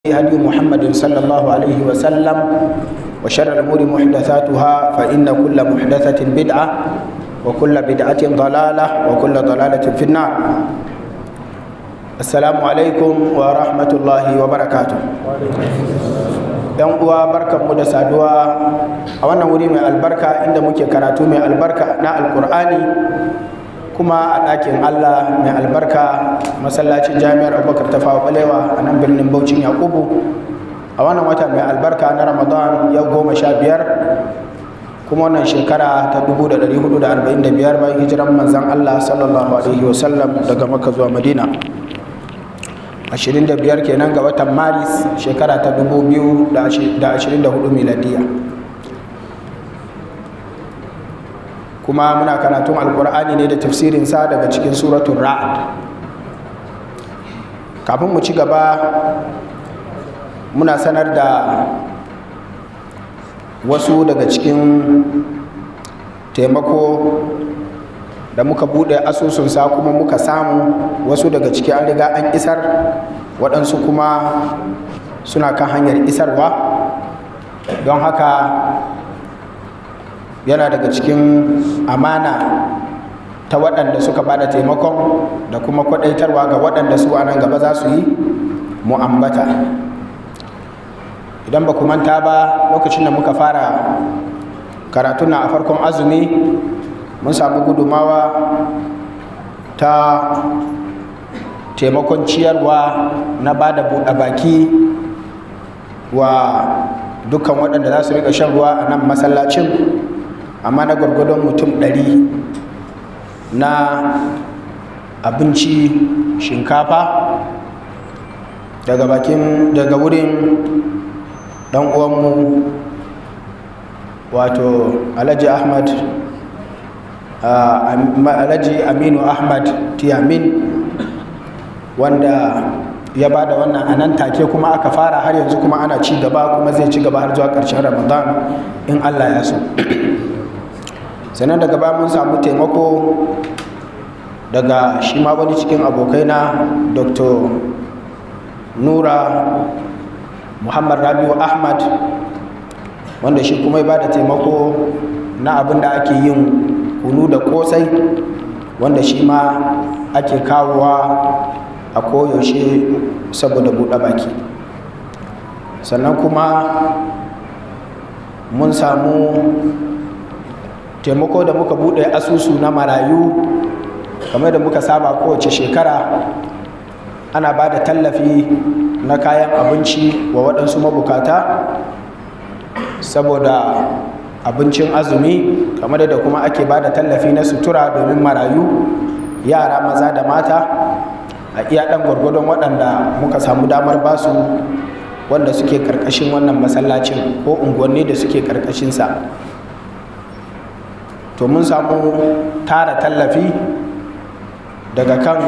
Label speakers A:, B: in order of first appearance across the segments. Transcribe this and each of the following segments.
A: هدي محمد صلى الله عليه وسلم وشر الأمور محدثاتها فإن كل محدثة بدعة وكل بدعة ضلالة وكل ضلالة في النار السلام عليكم ورحمة الله وبركاته yan uwa barkan mu da saduwa a wannan wuri mai albarka inda muke karatu mai albarka na alkur'ani kuma a ɗakin allah mai albarka masallacin jami'ar abubakar ta fawa balewa a nan birnin baucin yakubu a wannan wata mai albarka na ramadan yau goma sha biyar kuma wannan shekara ta dubu da da da arba'in biyar, bayan hijiran manzan Allah sallallahu alaihi sallam daga maka zuwa madina biyar kenan ga watan maris shekara ta dubu biyu da da ashirin hudu miladiya kuma muna karatun alkur'ani ne da tafsirin sa daga cikin suratun ra'ad kafin mu ci gaba muna sanar da wasu daga cikin taimako da muka buɗe asusunsa kuma muka samu wasu daga ciki an riga an isar waɗansu kuma suna kan hanyar isarwa don haka yana daga cikin amana ta waɗanda suka bada taimakon da kuma kwaɗaitarwa ga waɗanda su a nan gaba za su yi mu'ambata idan ba ku manta ba lokacin da muka fara karatu na a farkon azumi mun samu gudumawa ta taimakon ciyarwa na ba da buɗe baki wa dukkan waɗanda za su riƙa shan ruwa a nan masallacin amma na gwargwadon mutum ɗari na abinci shinkafa daga bakin daga wurin dan uwanmu wato alhaji ahmad alhaji aminu ahmad tiyamin wanda ya ba da wannan a take kuma aka fara har yanzu kuma ana ci gaba kuma zai ci gaba har zuwa ƙarshen ramadan in allah ya so sannan daga baya mun samu taimako daga shi ma wani cikin abokaina dr nura muhammad rabiu ahmad wanda shi kuma ba da taimako na abin da ake yin kunu da kosai wanda shi ma ake kawowa a koyaushe saboda buɗe baki sannan kuma mun samu taimako da muka bude asusu na marayu kamar da muka saba kowace shekara ana ba da tallafi na kayan abinci wa waɗansu mabukata saboda abincin azumi kamar da kuma ake ba da tallafi na sutura domin marayu yara maza da mata a iya ɗan gwargwadon waɗanda muka samu damar basu wanda suke ƙarƙashin wannan masallacin ko unguwanni da suke ƙarƙashinsa to mun samu tara tallafi daga kan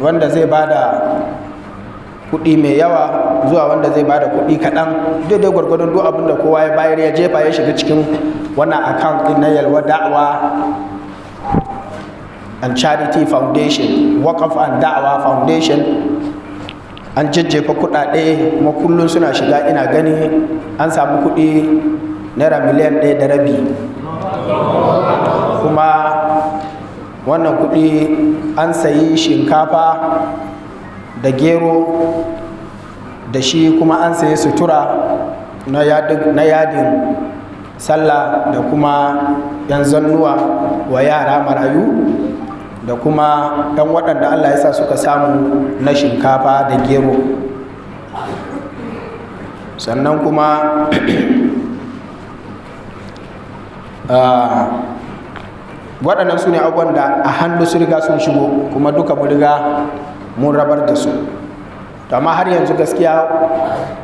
A: wanda zai bada kuɗi mai yawa zuwa wanda zai bada kuɗi kaɗan daidai gwargwadon duk abinda da kowa ya bayar ya jefa ya shiga cikin wannan account din na yalwa da'awa and charity foundation waqf and da'awa foundation an jajjefa kuɗaɗe kuma kullum suna shiga ina gani an samu kuɗi naira miliyan ɗaya da rabi kuma wannan kuɗi an sayi shinkafa da gero da shi kuma an sayi sutura na yadin sallah da kuma 'yan zannuwa wa yara marayu da kuma 'yan waɗanda allah ya sa suka samu na shinkafa da gero sannan kuma Ah, waɗannan su ne abubuwan da a hannu su riga sun shigo kuma duka mu riga mun rabar da su to amma har yanzu gaskiya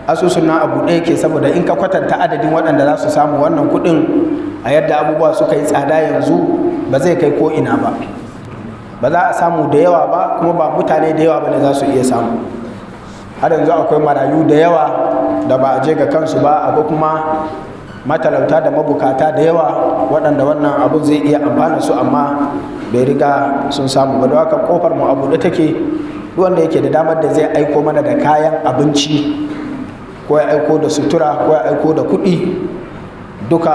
A: asusun na abu ɗaya ke saboda in ka kwatanta adadin waɗanda za su samu wannan kuɗin a yadda abubuwa suka yi tsada yanzu ba zai kai ko ina ba ba za a samu da yawa ba kuma ba mutane da yawa ba ne za su iya samu har yanzu akwai marayu da yawa da ba a je ga kansu ba akwai kuma matalauta da mabukata da yawa waɗanda wannan abu zai iya amfana su amma bai riga sun samu ba da haka kofar mu abu da take wanda yake da damar da zai aiko mana da kayan abinci ko ya aiko da sutura ko ya aiko da kuɗi duka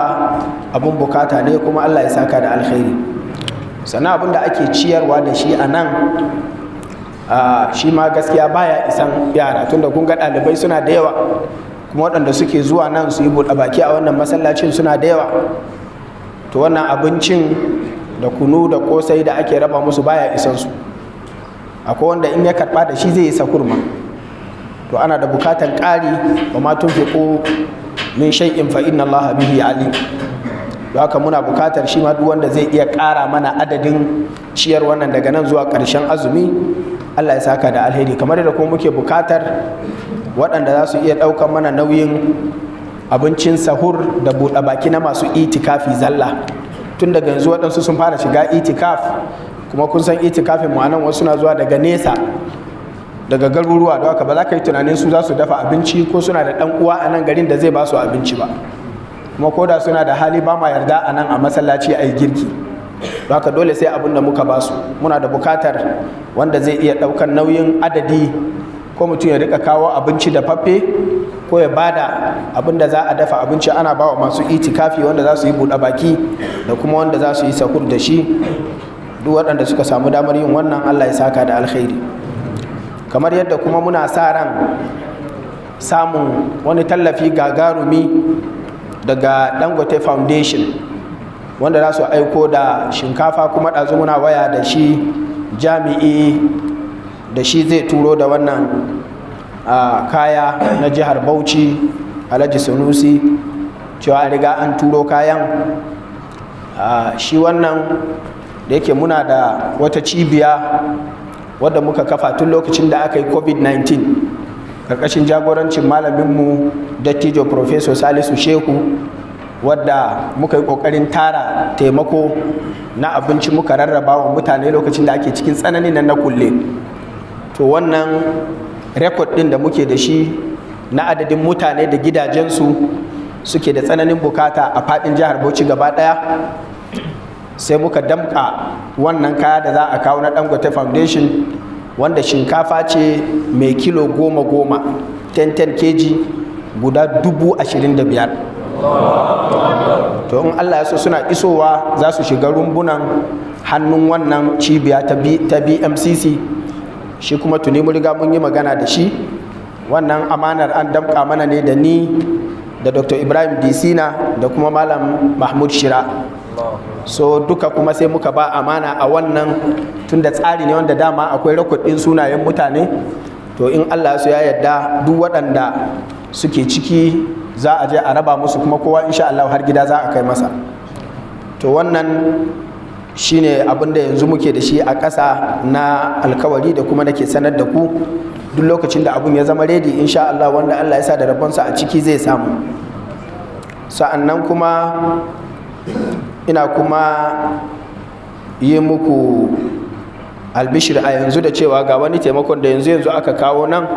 A: abun bukata ne kuma Allah ya saka da alkhairi sannan abin da ake ciyarwa da shi a nan shi ma gaskiya baya isan yara tunda kun ga ɗalibai suna da yawa kuma waɗanda suke zuwa nan su yi buɗe baki a wannan masallacin suna da yawa to wannan abincin da kunu da kosai da ake raba musu baya isan su akwai wanda in ya karɓa da shi zai yi sakurma to ana da bukatan ƙari wa ma fiƙo min shay'in fa inna allaha bihi alim don haka muna bukatar shi ma duk wanda zai iya kara mana adadin ciyar wannan daga nan zuwa karshen azumi Allah ya saka da alheri kamar da kuma muke bukatar waɗanda za su iya ɗaukar mana nauyin abincin sahur da buɗe baki na masu itikafi zalla tun daga yanzu waɗansu sun fara shiga itikaf kuma kun san itikafin mu anan wasu na zuwa daga nesa daga garuruwa don haka ba za ka yi tunanin su za su dafa abinci ko suna da ɗan uwa a nan garin da zai ba su abinci ba kuma koda suna da hali ba ma yarda a nan a masallaci a yi girki haka dole sai abin da muka basu muna da bukatar wanda zai iya ɗaukar nauyin adadi ko mutum ya rika kawo abinci da faffe ko ya bada abin da za a dafa abinci ana bawa masu itikafi wanda za su yi buɗe baki da kuma wanda za su yi sakur da shi duk waɗanda suka samu damar yin wannan allah ya saka da alkhairi kamar yadda kuma muna sa ran samun wani tallafi gagarumi daga dangote foundation wanda za su aiko da shinkafa kuma ɗazu muna waya da shi jami'i da shi zai turo da wannan kaya na jihar bauchi alhaji sanusi cewa riga an turo kayan shi wannan da yake muna da wata cibiya wadda muka kafa tun lokacin da aka yi covid-19 karkashin jagorancin malaminmu dattijo professor salisu shehu wadda muka yi ƙoƙarin tara taimako na abinci muka rarraba wa mutane lokacin da ake cikin tsananin nan na kulle to wannan rekod din da muke da shi na adadin mutane da gidajensu suke da tsananin bukata a faɗin jihar bauchi gaba ɗaya, sai muka damka wannan kaya da za a kawo na dangote foundation wanda shinkafa ce mai kilo goma goma 10 kg guda dubu ashirin da biyar to in allah ya so suna isowa za su shiga rumbunan hannun wannan cibiya ta bmcc shi kuma tuni mun riga mun yi magana da shi wannan amanar an damka mana ne da ni da dr ibrahim disina da kuma malam mahmud shira so duka kuma sai muka ba amana a wannan tunda tsari ne wanda dama akwai rikodin sunayen mutane to in allah su ya yadda duk waɗanda suke ciki za a je a raba musu kuma kowa insha allah har gida za a kai masa to wannan shine abin da yanzu muke da shi a ƙasa na alkawari da kuma nake sanar da ku duk lokacin da abin ya zama redi insha allah wanda allah ya sa da rabonsa a ciki zai samu sa'annan kuma ina kuma yi muku albishir a yanzu da cewa ga wani taimakon da yanzu yanzu aka kawo nan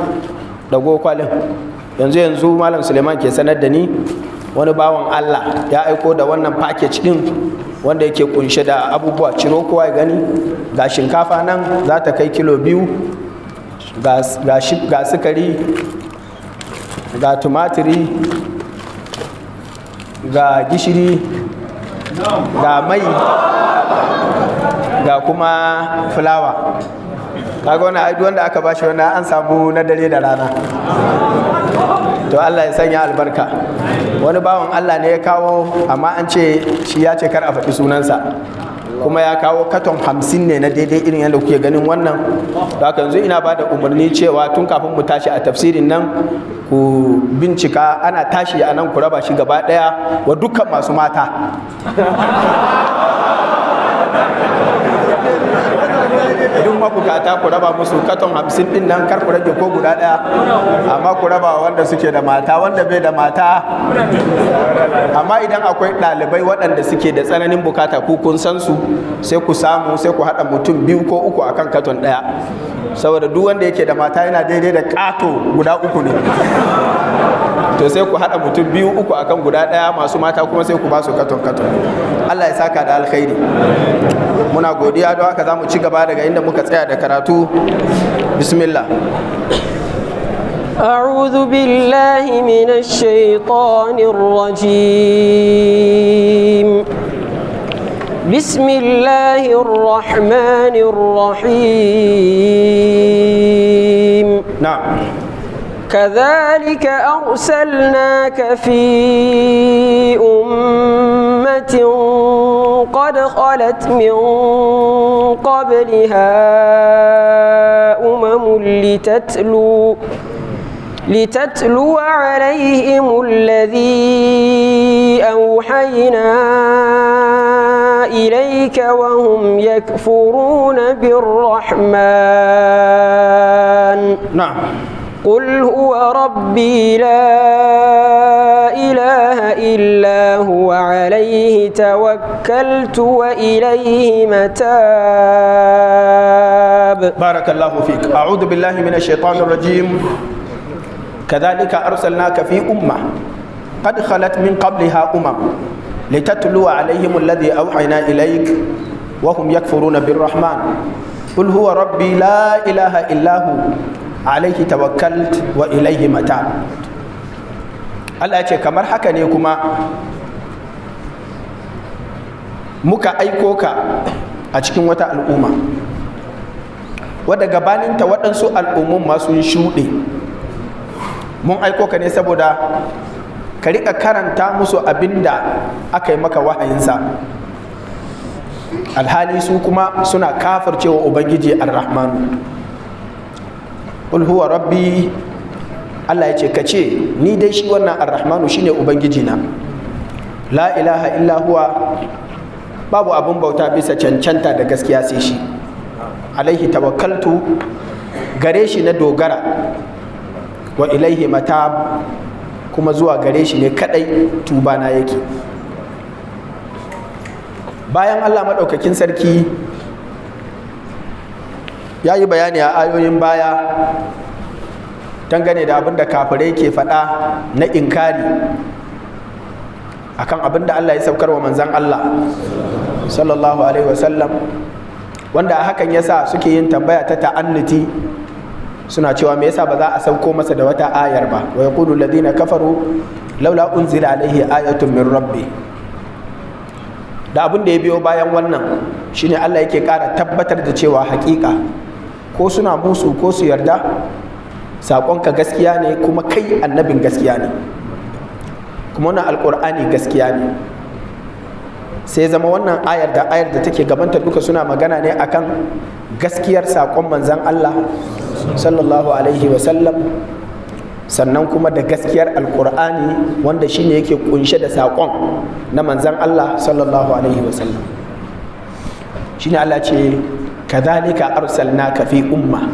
A: dago kwalin yanzu yanzu malam suleiman ke sanar da ni wani bawan allah ya aiko da wannan package din wanda yake kunshe da abubuwa ciro kowa gani ga shinkafa nan za ta kai kilo biyu ga sukari ga tumatiri ga gishiri ga mai ga kuma fulawa kaga wani aidu wanda aka bashi wani an samu na dare da rana to Allah ya sanya albarka wani bawan Allah ne ya kawo amma an ce shi ya ce kar a faɗi sunansa kuma ya kawo katon hamsin ne na daidai irin yadda kuke ganin wannan da haka yanzu ina bada umarni cewa tun kafin mu tashi a tafsirin nan ku bincika ana tashi a nan ku raba shi gaba ɗaya wa dukkan masu mata Idan mabukata ku raba musu katon hamsin din nan kar ku rage ko guda daya amma ku raba wanda suke da mata wanda bai da mata amma idan akwai ɗalibai waɗanda suke da tsananin bukata ku kun san su sai ku samu sai ku haɗa mutum biyu ko uku akan katon ɗaya saboda duk wanda yake da mata yana daidai da ƙato guda uku ne to sai ku haɗa mutum biyu uku akan guda ɗaya masu mata kuma sai ku ba su katon katon Allah ya saka da alkhairi muna godiya don haka za mu ci gaba daga inda muka tsaya da karatu bismillah
B: أعوذ بالله من الشيطان الرجيم بسم الله الرحمن الرحيم نعم كذلك أرسلناك في أمة قد خلت من قبلها أمم لتتلو لتتلو عليهم الذي أوحينا إليك وهم يكفرون بالرحمن نعم قل هو ربي لا
C: إله إلا
B: هو عليه توكلت وإليه متاب بارك الله فيك أعوذ بالله من الشيطان الرجيم
A: كذلك أرسلناك في أمة قد خلت من قبلها أمم لتتلو عليهم الذي أوحينا إليك وهم يكفرون بالرحمن قل هو ربي لا إله إلا هو alaihi tawakkalt wa ilaihi mata Allah ya ce kamar haka ne kuma muka aiko ka a cikin wata al'umma wadda gabaninta waɗansu al'ummun masu shuɗe mun aiko ka ne saboda ka riƙa karanta musu abinda aka yi maka wahayinsa alhali su kuma suna kafarcewa ubangiji ar-rahmanu qul huwa rabbi Allah ya ce ka ce ni dai shi wannan arrahmanu shine ubangiji na la ilaha illa huwa babu abin bauta bisa cancanta da gaskiya sai shi alaihi tawakkaltu gare shi na dogara wa ilaihi matab kuma zuwa gare shi ne kadai tuba na yake bayan Allah maɗaukakin sarki ya yi bayani a ayoyin baya dangane da abin da kafirai ke faɗa na inkari akan abin da Allah ya saukar wa manzan Allah sallallahu alaihi wasallam wanda a hakan yasa suke yin tambaya ta ta'anniti suna cewa me yasa ba za a sauko masa da wata ayar ba wa yaqulu alladhina kafaru laula unzila alaihi ayatun min rabbi da abin da ya biyo bayan wannan shine Allah yake ƙara tabbatar da cewa haƙiƙa ko suna musu ko su yarda saƙonka gaskiya ne kuma kai annabin gaskiya ne kuma wannan alƙur'ani gaskiya ne sai zama wannan ayar da ayar da take gabanta duka suna magana ne akan gaskiyar saƙon manzan Allah sallallahu alaihi wasallam sannan kuma da gaskiyar alƙur'ani wanda shi ne yake kunshe da saƙon na manzan Allah sallallahu alaihi wasallam ne Allah ce kadhalika arsalnaka fi umma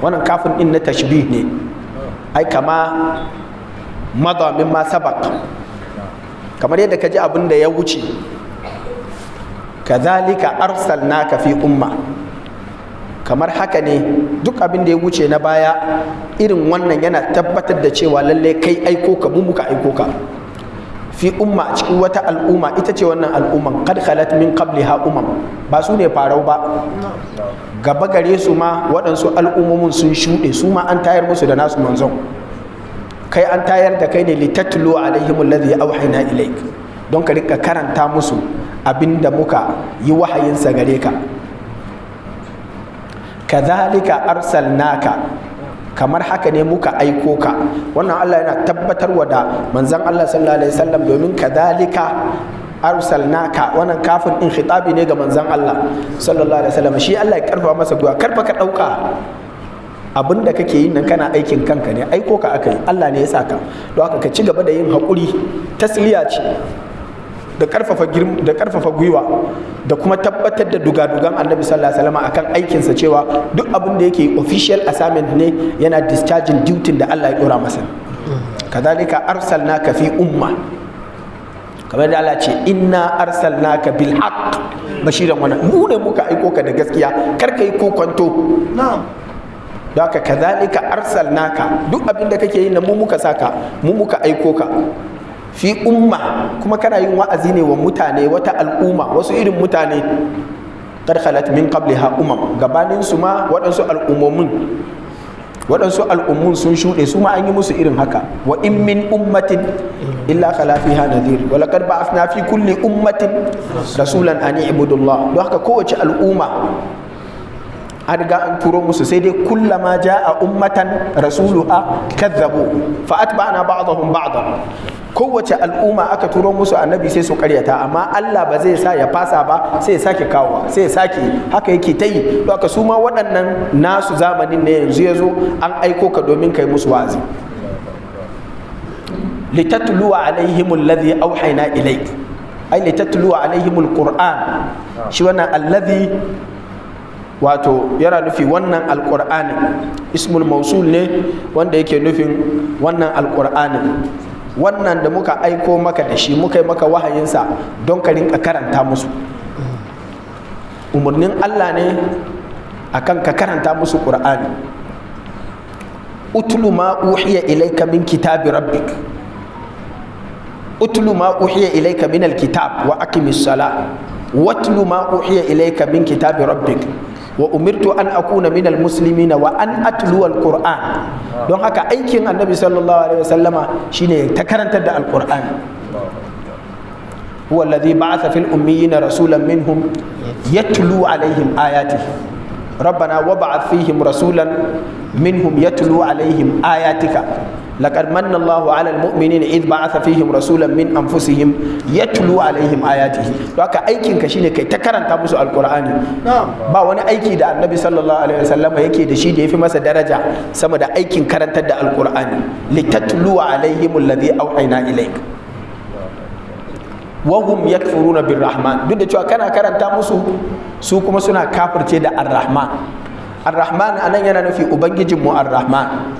A: wannan kafin din na tashbih ne ai kama madamin ma sabak kamar yadda ka ji abin da ya wuce kadhalika arsalnaka fi umma kamar haka ne duk abin da ya wuce na baya irin wannan yana tabbatar da cewa lallai kai aiko ka mu muka aiko ka fi umma a cikin wata al'umma ita ce wannan al'umman kad khalat min ha umam ba su ne farau ba gaba gare su ma waɗansu al'ummomin sun shuɗe su ma an tayar musu da nasu manzon kai an tayar da kai ne litatlu alaihim alladhi auhayna ilaik don ka rika karanta musu abinda muka yi wahayinsa gare ka kadhalika arsalnaka kamar haka ne muka aiko ka wannan Allah yana tabbatar wa da manzon Allah sallallahu alaihi wasallam domin kadalika arsalnaka wannan kafin in khitabi ne ga manzon Allah sallallahu alaihi wasallam shi Allah ya karfa masa gwiwa karfa ka dauka abin da kake yin nan kana aikin kanka ne aiko ka aka Allah ne ya saka don haka ka ci gaba da yin haƙuri tasliya ce da karfafa da karfafa gwiwa da kuma tabbatar da dugadugan annabi sallallahu alaihi wasallam akan aikinsa cewa duk abin da yake official assignment ne yana discharging duty da Allah ya dora masa kadhalika arsalnaka fi umma kamar da Allah ce inna arsalnaka bil haqq bashiran wa mu ne muka aiko ka da gaskiya kar kai kokonto na'am haka kadhalika arsalnaka duk abin da kake yi na mu muka saka mu muka aiko ka fi umma kuma kana yin wa'azi ne wa mutane wata al'umma wasu irin mutane qad khalat min qabliha umam gabanin su ma waɗansu al'ummomin waɗansu al'ummun sun shuɗe su ma an yi musu irin haka wa in min ummatin illa khala fiha nadhir wa laqad ba'athna fi kulli ummatin rasulan an ibudullah don haka kowace al'umma an ga an turo musu sai dai kullama ja'a ummatan rasuluha kadzabu fa atba'na ba'dahum ba'dan kowace al'umma aka turo musu annabi sai su karyata amma Allah ba zai sa ya fasa ba sai ya sake kawo sai ya sake haka yake ta yi aka su ma waɗannan nasu zamanin ne yanzu ya zo an aiko ka domin kai musu wazi. litatluwa alaihim alladhi auhaina ilayk ai litatluwa alaihim alquran shi wannan alladhi wato yana nufi wannan alqur'ani ismul mausul ne wanda yake nufin wannan alqur'ani wannan da muka aiko maka da shi muka yi maka wahayinsa don ka rinka karanta musu umarnin Allah ne akan ka karanta musu ƙur'ani utulu ma uhiya ilaika min kitabi rabbik utulu ma uhiya ilaika min alkitab wa aqimis sala watlu ma uhiya ilaika min kitabi rabbik وأمرت أن أكون من المسلمين وأن أتلو القرآن دون هكا أيكين النبي صلى الله عليه وسلم شيني تكرن تدع القرآن هو الذي بعث في الأميين رسولا منهم يتلو عليهم آياته ربنا وبعث فيهم رسولا منهم يتلو عليهم آياتك لقد من الله على المؤمنين إذ بعث فيهم رسولا من أنفسهم يتلو عليهم آياته لك أيكين كشيني كي تكرن تابوس القرآن با وني أيكي دا النبي صلى الله عليه وسلم يكي دا شيدي في مسا درجة سما دا أيكين كرن تدا القرآن لتتلو عليهم الذي أوحينا إليك wahum yakfuruna birrahman duk da cewa kana karanta musu su kuma suna kafirce da arrahman arrahman anan yana nufi ubangijinmu arrahman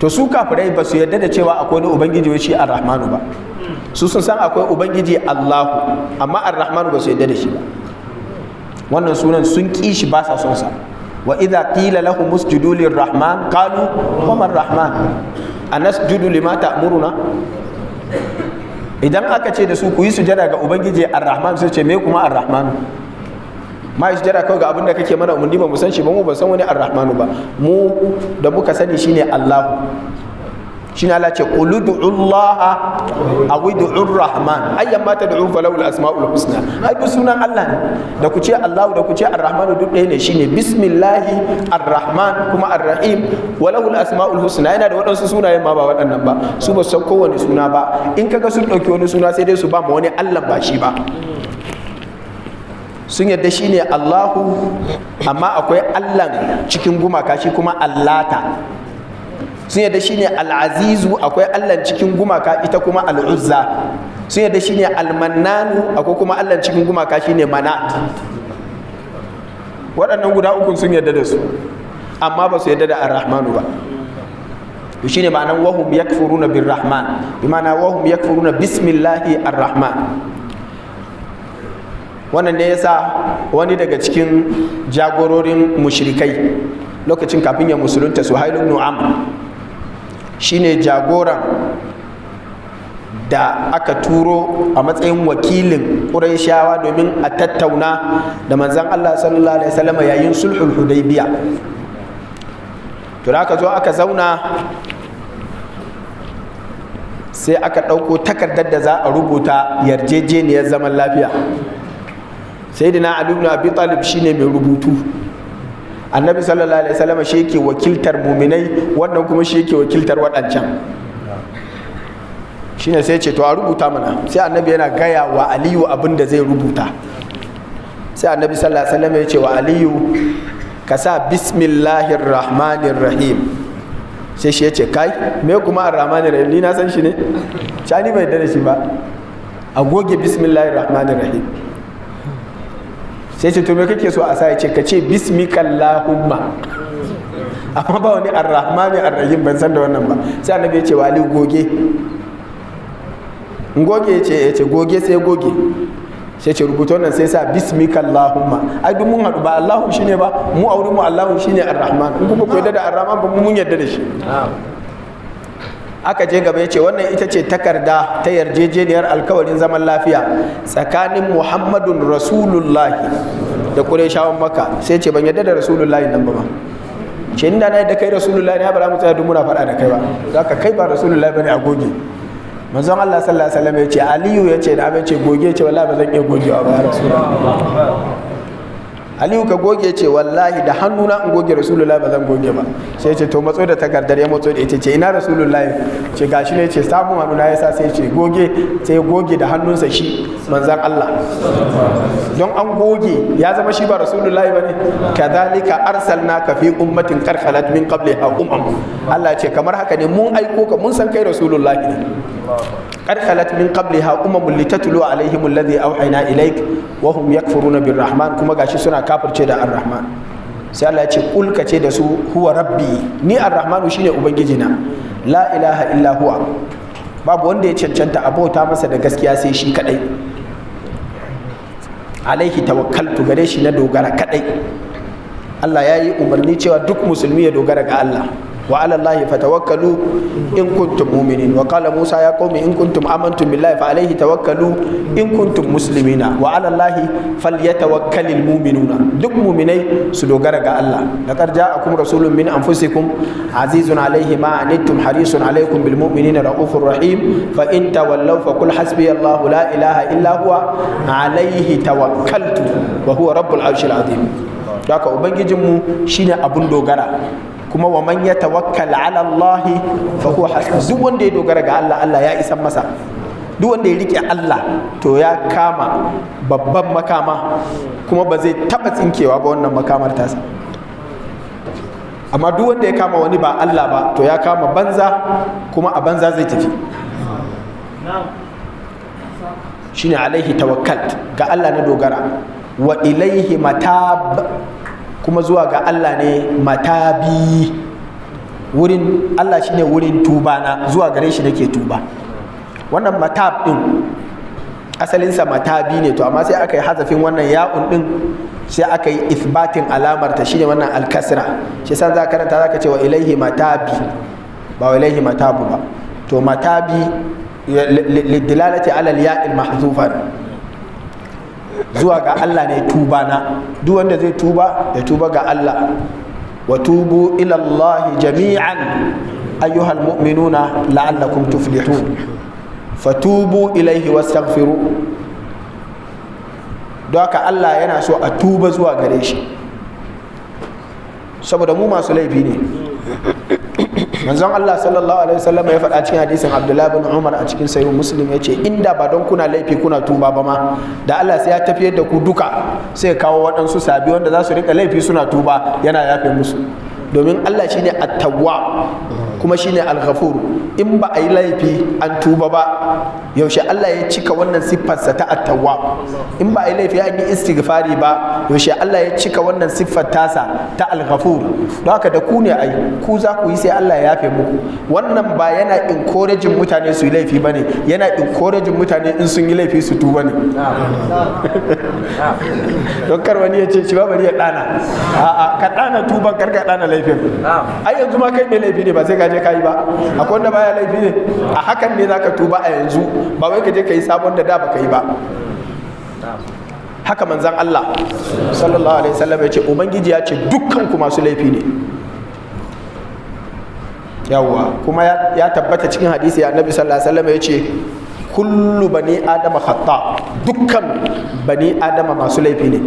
A: to su kafirai ba su yarda da cewa akwai wani ubangiji wai shi ar ba su sun san akwai ubangiji Allahu amma ar-rahmanu ba su yarda da shi ba wannan sunan sun ƙi shi ba sa son sa wa idza qila lahu usjudu lir-rahman qalu wa man-rahman anasjudu lima ta'muruna idan aka ce da su ku yi sujada ga ubangiji ar-rahman sai ce me kuma ar ma jara kawai ga abinda kake mana umarni ba mu shi ba mu ba san wani arrahmanu ba mu da muka sani shine allahu shine Allah ce qul du'ullaha aw du'ur rahman ayyan ma tad'u falahu al-asma'ul husna ai duk sunan Allah ne da ku ce Allahu da ku ce ar duk ɗaya ne shine bismillahi ar kuma ar-rahim walahu al-asma'ul husna yana da waɗansu sunayen ma ba waɗannan ba su ba san kowane suna ba in kaga sun ɗauki wani suna sai dai su ba ma wani Allah ba shi ba sun yadda shine Allahu amma akwai allan cikin gumaka shi kuma Allata sun yadda shine Al-Azizu akwai allan cikin gumaka ita kuma Al-Uzza sun yadda shine Al-Mannanu akwai kuma allan cikin gumaka shine Manat waɗannan guda uku sun yadda da su amma ba su yadda da al rahmanu ba to shine ma'anan wahum yakfuruna bir-Rahman bi ma'ana wahum yakfuruna bismillahi ar-Rahman wannan ne yasa wani daga cikin jagororin mushrikai lokacin kafin ya musulunta su hailun shi shine jagoran da aka turo a matsayin wakilin ƙuraishawa domin a tattauna da manzan Allah sallallahu alaihi wasallam yayin sulhul hudaybiya to da aka zo aka zauna sai aka ɗauko takardar da za a rubuta yarjejeniyar zaman lafiya sayyidina ali ibn abin talib shine mai rubutu annabi sallallahu alaihi wasallam shi yake wakiltar muminai wannan kuma shi yake wakiltar waɗancan shine sai ce to a rubuta mana sai annabi yana gaya wa aliyu abin da zai rubuta sai annabi sallallahu alaihi wasallam ya ce wa aliyu ka sa bismillahir rahmanir rahim sai shi ya ce kai me kuma ar-rahmanir rahim ni na san shi ne shani bai dare shi ba a goge bismillahir rahmanir rahim sai ce to me kake so a sa ya ce ka ce bismikallahumma amma ba wani arrahmani arrahim ban san da wannan ba sai annabi ya ce wali goge goge ya ce eh, ya ce goge sai goge sai ce rubuta wannan sai sa bismikallahumma ai duk mun haɗu ba allahun shine ba mu aure mu allahun shine arrahman in kuma ku yadda da arrahman ba mun yadda da shi aka je gaba ya ce wannan ita ce takarda ta yarjejeniyar alkawarin zaman lafiya tsakanin muhammadun rasulullahi da shawon maka sai ce ban yadda da rasulullahi nan ba ba ce inda na yadda kai rasulullahi ne ba za mu tsaya faɗa da kai ba za ka kai ba rasulullahi ba ne a goge manzon Allah sallallahu alaihi wasallam ya ce Aliyu ya ce da abin ce goge ce wala ba zan iya gogewa ba
C: rasulullahi
A: aliyu ka goge ce wallahi da hannuna in goge rasulullahi ba zan goge ba sai ce to matso da takardar ya matso da ita ce ina rasulullahi ce gashi ne ce samun hannuna ya sa sai ce goge sai goge da hannunsa shi manzan Allah don an goge ya zama shi ba rasulullahi bane kadhalika ka fi ummatin qad min min qabliha umam Allah ce kamar haka ne mun aiko ka mun san kai rasulullahi ne karkalat min kabli ha kuma mulita tulu a alaihi mulla zai auha ina ilai wahum ya kafa runa bin rahman kuma gashi suna kafar da an rahman sai ya ce kulka ce da su huwa rabbi ni an rahmanu shi ne ubangijina la ilaha illa huwa babu wanda ya cancanta abota masa da gaskiya sai shi kadai alaihi tawakkaltu gare shi na dogara kadai Allah ya yi umarni cewa duk musulmi ya dogara ga Allah wa alallahi fatawakkalu in kuntum mu'minin wa musa ya qaumi in kuntum amantum billahi fa alayhi tawakkalu in kuntum muslimina wa alallahi falyatawakkalul mu'minuna duk mu'minai su dogara ga Allah laqad ja'akum rasulun min anfusikum azizun alayhi ma anittum harisun alaykum bil mu'minina ra'ufur rahim fa in tawallaw fa qul hasbiya Allah la ilaha illa huwa alayhi tawakkaltu wa huwa rabbul arshil azim haka ubangijinmu shine abun dogara kuma wa man yatawakkal ala Allah fa huwa hasbuh duk wanda ya dogara ga Allah Allah ya isa masa duk wanda ya rike Allah to ya kama babban makama kuma ba zai taba tsinkewa ba wannan makamar tasa amma duk wanda ya kama wani ba Allah ba to ya kama banza kuma a banza zai tafi shine alaihi tawakkalt ga Allah na dogara wa ilaihi matab kuma zuwa ga Allah ne matabi wurin Allah shine wurin tuba na zuwa gare shi nake tuba wannan matab din asalinsa matabi ne to amma sai aka yi hazafin wannan ya'un din sai aka yi isbatin alamar ta shine wannan alkasra shi san za ka za zaka ce wa ilaihi matabi ba wa ilaihi matabu ba to matabi lidilalati alal ya'il mahzufa zuwa ga Allah ne tuba na duk wanda zai tuba ya tuba ga Allah wa tubu ila Allah jami'an ayyuhal mu'minuna la'allakum tuflihun fatubu ilaihi wastaghfiru don haka Allah yana so a tuba zuwa gare shi saboda mu masu laifi ne manzon Allah sallallahu alaihi wasallam ya faɗa cikin hadisin Abdullah bin Umar a cikin sahih Muslim yace inda ba don kuna laifi kuna tuba ba ma da Allah sai ya tafiyar da ku duka sai kawo waɗansu sabi wanda za su rika laifi suna tuba yana yafe musu domin Allah shine at-tawwab kuma shine ne ghafur in ba a yi laifi an tuba ba yaushe Allah ya cika wannan siffarsa ta attawa in ba a yi laifi an yi istighfari ba yaushe Allah ya cika wannan siffar tasa ta al don haka da ku ne ai ku za ku yi sai Allah ya yafe muku wannan ba yana encouraging mutane su yi laifi bane yana encouraging mutane in sun yi laifi su tuba ne don kar wani ya ce shi bari ya dana a'a ka dana tuban kar ka dana laifin ai yanzu ma kai mai laifi ne ba sai ka ne kai ba akwai wanda baya laifi ne a hakan ne zaka tuba a yanzu ba wai ka je kai sabon da da baka yi ba haka manzan Allah sallallahu alaihi wasallam ya ce ubangiji ya ce dukkan ku masu laifi ne yawwa kuma ya tabbata cikin hadisi annabi sallallahu alaihi wasallam ya ce kullu bani adama khata dukkan bani adama masu laifi ne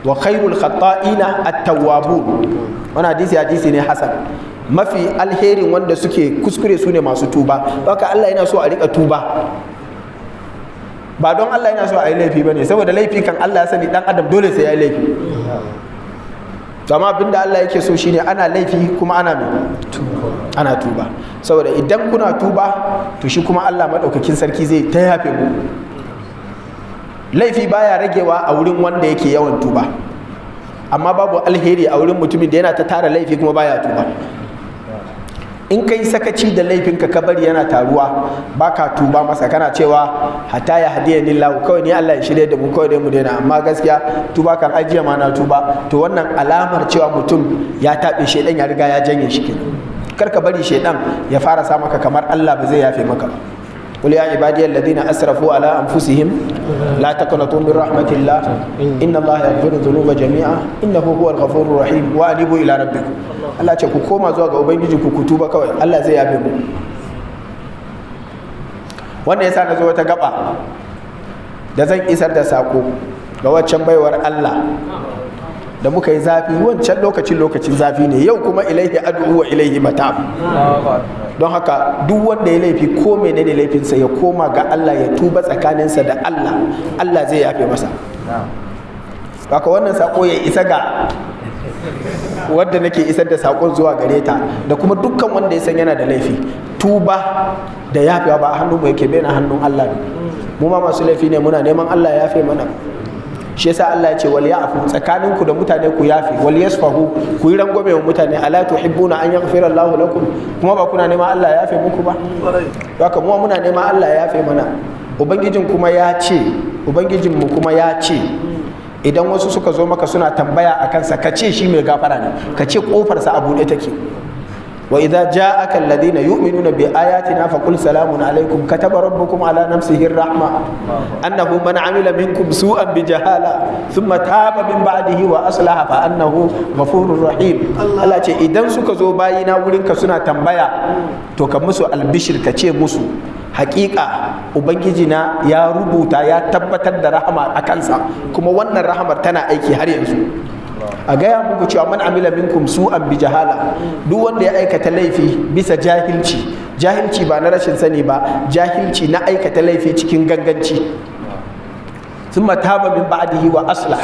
A: wa khairul khata'ina at-tawwabun wannan hadisi hadisi ne hasan mafi alherin wanda suke kuskure su ne masu tuba baka Allah yana so a rika tuba ba don Allah yana so a yi laifi ba ne saboda laifi kan Allah ya sani dan adam dole sai ya yi laifi amma abinda Allah yake so shine ana laifi kuma ana ana tuba saboda idan kuna tuba to shi kuma Allah maɗaukakin sarki zai ta yafe mu laifi baya ragewa a wurin wanda yake yawan tuba amma babu alheri a wurin mutumin da yana ta tara laifi kuma baya tuba in ka yi sakaci da laifinka ka bari yana taruwa baka tuba masa kana cewa hata ya hadiya ni kawai ni Allah ya shirya da mu kawai dai mu daina amma gaskiya tuba kan ajiya ma na tuba to wannan alamar cewa mutum ya taɓe shedan ya riga ya janye shi kenan kar ka bari shedan ya fara sa maka kamar Allah ba zai yafe maka ba قل يا عبادي الذين اسرفوا على انفسهم لا تقنطوا من رحمه الله ان الله يغفر الذنوب جميعا انه هو الغفور الرحيم وانيبوا الى ربكم الله ce ku koma zuwa ga ubangiji ku kutuba kawai Allah zai yafe mu wannan yasa na zo wata gaba da zan isar da sako ga waccan baiwar Allah da muka yi zafi wancan lokacin lokacin zafi ne yau kuma ilaihi ad'u wa ilaihi matab don haka duk wanda ya laifi ko menene laifinsa ya koma ga Allah ya tuba tsakaninsa da Allah Allah zai yafe masa haka wannan sako ya isa ga wadda nake isar da sakon zuwa gare ta da kuma dukkan wanda ya san yana da laifi tuba da yafewa ba a hannun mu yake bai hannun Allah ne mu ma masu laifi ne muna neman Allah ya yafe mana shi yasa Allah ya ce wal ya'fu tsakanin ku da mutane ku yafi wal yasfahu ku yi rangwame wa mutane ala tuhibbuna an yaghfira Allahu lakum kuma ba kuna neman Allah ya yafe muku ba haka mu muna neman Allah ya yafe mana ubangijin kuma ya ce ubangijin mu kuma ya ce idan wasu suka zo maka suna tambaya akan sa ka ce shi mai gafara ne ka ce sa abu ne take wa idza ja'aka alladhina na bi ayatina faqul salamun alaykum kataba rabbukum ala nafsihi rahma annahu man 'amila minkum su'an bi jahala thumma taba min ba'dihi wa aslaha fa annahu ghafurur rahim Allah ce idan suka zo bayina wurin ka suna tambaya to ka musu albishir ka ce musu hakika ubangiji na ya rubuta ya tabbatar da rahama a kansa kuma wannan rahamar tana aiki har yanzu a gaya muku cewa man amila minkum su'an bi jahala duk wanda ya aikata laifi bisa jahilci jahilci ba na rashin sani ba jahilci na aikata laifi cikin ganganci sun mataba min ba'dihi wa asla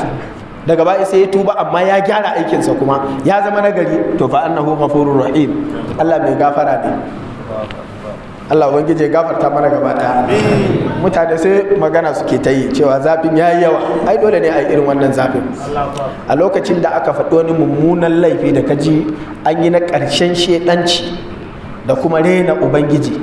A: daga baya sai ya tuba amma ya gyara aikinsa kuma ya zama nagari to fa annahu ghafurur rahim Allah mai gafara ne Allah ubangiji ya gafarta mana gaba ɗaya. mutane sai magana suke ta yi cewa zafin ya yi yawa ai dole ne a irin wannan zafin a lokacin da aka faɗi wani mummunan laifi da kaji an yi na ƙarshen shedanci da kuma rena ubangiji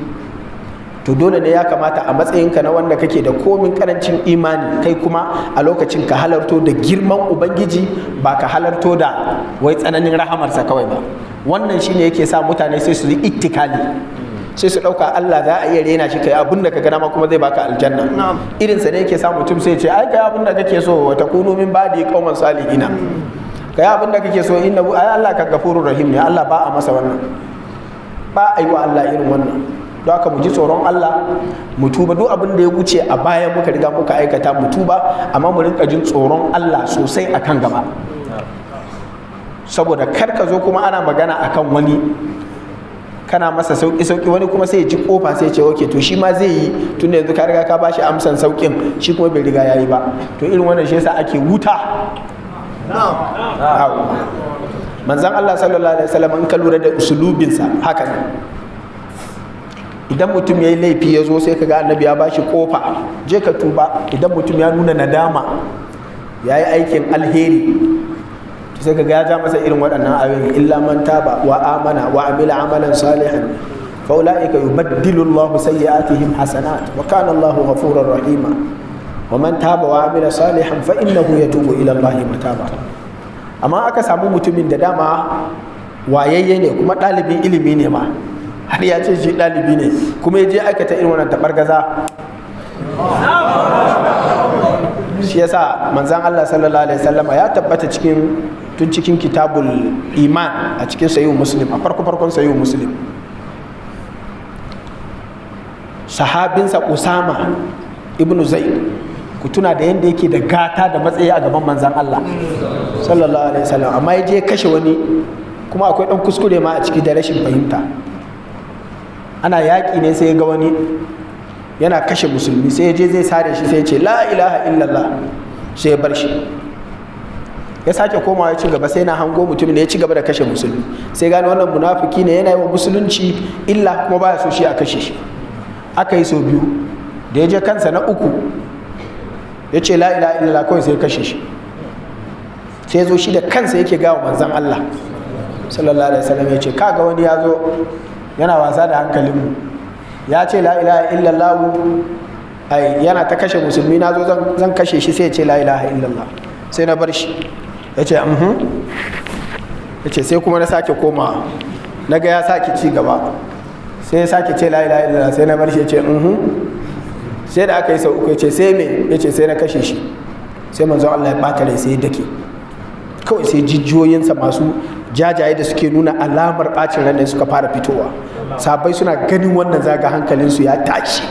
A: to dole ne ya kamata a matsayinka na wanda kake da komin karancin imani kai kuma a lokacin ka halarto da girman ubangiji ba ka halarto da wai tsananin rahamarsa kawai ba wannan shine yake sa mutane sai su yi ittikali sai su ɗauka Allah za a iya rena shi kai abin da ka gana ma kuma zai baka aljanna irin sa ne yake sa mutum sai ce ai kai abin da kake so wa takunu min ba'di qauman salihina kai abin da kake so innahu ai Allah ka gafurur rahim ne Allah ba a masa wannan ba a yi wa Allah irin wannan don haka mu ji tsoron Allah mu tuba duk abin da ya wuce a baya muka riga muka aikata mu tuba amma mu rinka jin tsoron Allah sosai akan gaba saboda kar ka zo kuma ana magana akan wani kana masa sauki sauki wani kuma sai ya ji kofa sai ce oke to shi ma zai yi tunda yanzu ka riga ka bashi amsan saukin shi kuma bai riga yayi ba to irin wannan shi yasa ake wuta manzan Allah sallallahu alaihi wasallam in ka lura da sa haka ne idan mutum ya laifi ya zo sai ka ga annabi ya bashi kofa je ka tuba idan mutum ya nuna nadama yayi aikin alheri sai ka ga masa irin waɗannan ayoyi illa man taba wa amana wa amila amalan salihan fa ulaika yubaddilu Allahu sayyi'atihim hasanat wa kana Allahu ghafurur rahima wa man taba wa amila salihan fa innahu yatubu ila Allahi mataba amma aka samu mutumin da dama wayayye ne kuma ɗalibin ilimi ne ma har ya ce shi ɗalibi ne kuma ya je aikata irin wannan tabargaza shi yasa manzan Allah sallallahu alaihi wasallam ya tabbata cikin tun cikin kitabul iman a cikin sayu muslim a farko farkon sayu muslim sahabinsa usama ibn zaid ku tuna da yanda yake da gata da matsayi a gaban manzan Allah sallallahu alaihi wasallam amma ya je kashe wani kuma akwai dan kuskure ma a ciki da rashin fahimta ana yaƙi ne sai ya ga wani yana kashe musulmi sai je zai sare shi sai ce la ilaha illallah sai ya bar shi ya sake komawa ya ci gaba sai na hango mutum ne ya ci gaba da kashe musulmi sai gane wannan munafiki ne yana yi wa musulunci illa kuma baya so shi a kashe shi aka yi sau biyu da ya je kansa na uku ya ce la ilaha illallah kawai sai ya kashe shi sai zo shi da kansa yake gawa manzon Allah sallallahu alaihi wasallam ya ce kaga wani ya zo yana wasa da hankalinmu ya ce la ilaha illallah ai yana ta kashe musulmi na zo zan kashe shi sai ya ce la ilaha illallah sai na bar shi ya ce mhm. ya ce sai kuma na sake koma na ga ya sake ci gaba sai ya sake ce la ilaha illallah sai na bar shi ya ce mhm. sai da aka yi sau uku ya ce sai me ya ce sai na kashe shi sai manzo Allah ya bata rai sai ya dake kawai sai jijiyoyinsa masu jajaye da suke nuna alamar bacin ran suka fara fitowa Sabai suna ganin wannan zaga hankalinsu ya tashi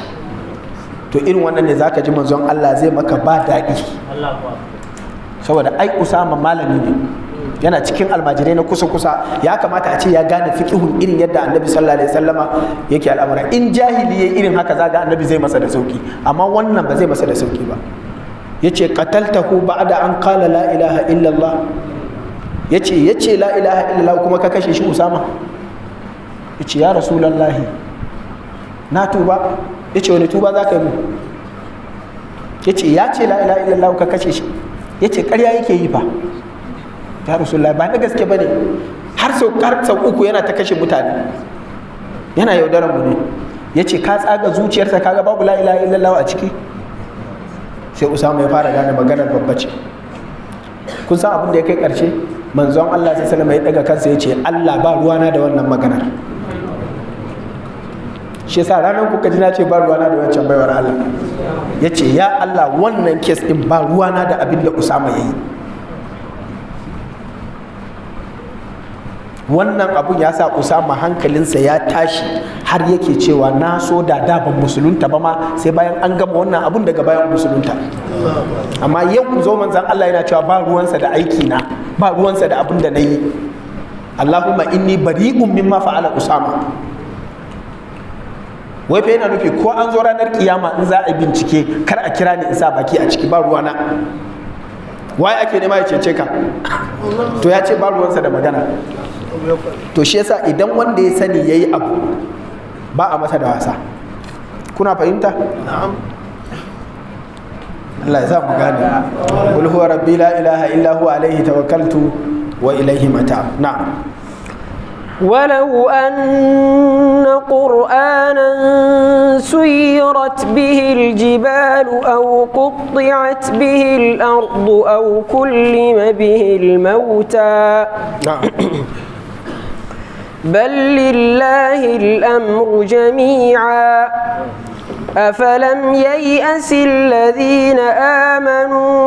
A: to irin wannan ne zaka ji manzon Allah zai maka ba daɗi saboda ai usama malami ne yana cikin almajirai na kusa-kusa ya kamata a ce ya gane fikihun irin yadda annabi sallallahu alaihi wasallama yake al'amura in jahili yayi irin haka zaga annabi zai masa da sauki amma wannan ba zai masa da sauki ba yace qataltahu ba'da an qala la ilaha illallah yace yace la ilaha illallah kuma ka kashe shi usama ce ya lallahi, na tuba ya ce wani tuba za ka yi ce ya ce la'ila ilaha illallah ka kashe shi ya ce ƙarya yake yi fa ya lallahi ba na gaske ba ne har sau sau uku yana ta kashe mutane yana yaudarar mu ne ce ka tsaga zuciyarsa kaga babu la'ila illallah a ciki sai usama ya fara gane maganar babba ce kun san abin da ya kai ƙarshe manzon Allah sai salama ya daga kansa ya ce Allah ba ruwana da wannan maganar shi yasa ranar kuka ji na ce ba ruwana da wancan baiwar Allah ya ce ya Allah wannan kes din ba ruwana da abin da Usama ya yi wannan abun ya sa Usama hankalinsa ya tashi har yake cewa na so da da ban musulunta ba ma sai bayan an gama wannan abun daga bayan musulunta amma yau zo manzan Allah yana cewa ba ruwansa da aiki na ba ruwansa da abun da na yi Allahumma inni bari'un mimma fa'ala Usama wai fa yana nufi ko an zo ranar kiyama in za a bincike kar a kira ni in sa baki a ciki ba ruwana waye ake nema ya cece ka to ya ce ba ruwansa da magana to shi yasa idan wanda ya sani ya yi abu ba a masa da wasa kuna fahimta Allah ya sa mu gane qul huwa rabbi la ilaha illa tawakkaltu wa ilaihi mata na'am
B: ولو أن قرآنا سيرت به الجبال أو قطعت به الأرض أو كلم به الموتى نعم. بل لله الأمر جميعا أفلم ييأس الذين آمنوا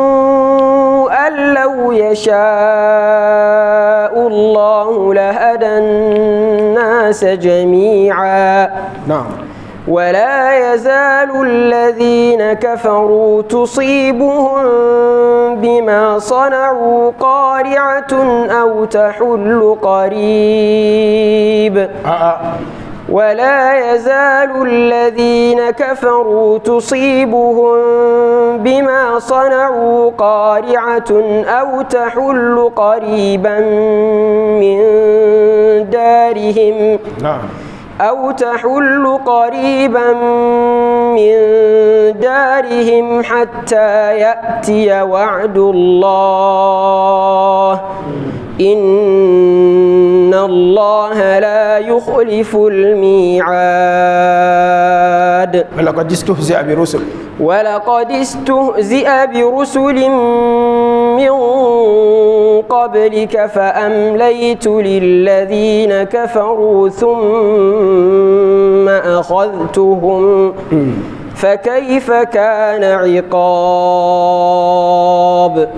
B: أن لو يشاء الله لهدى الناس جميعا نعم ولا يزال الذين كفروا تصيبهم بما صنعوا قارعة أو تحل قريب آه. آه. ولا يزال الذين كفروا تصيبهم بما صنعوا قارعة أو تحل قريبا من دارهم نعم أو تحل قريبا من دارهم حتى يأتي وعد الله الله لا يخلف الميعاد ولقد استهزئ برسل ولقد استهزئ برسل من قبلك فأمليت للذين كفروا ثم أخذتهم فكيف كان عقاب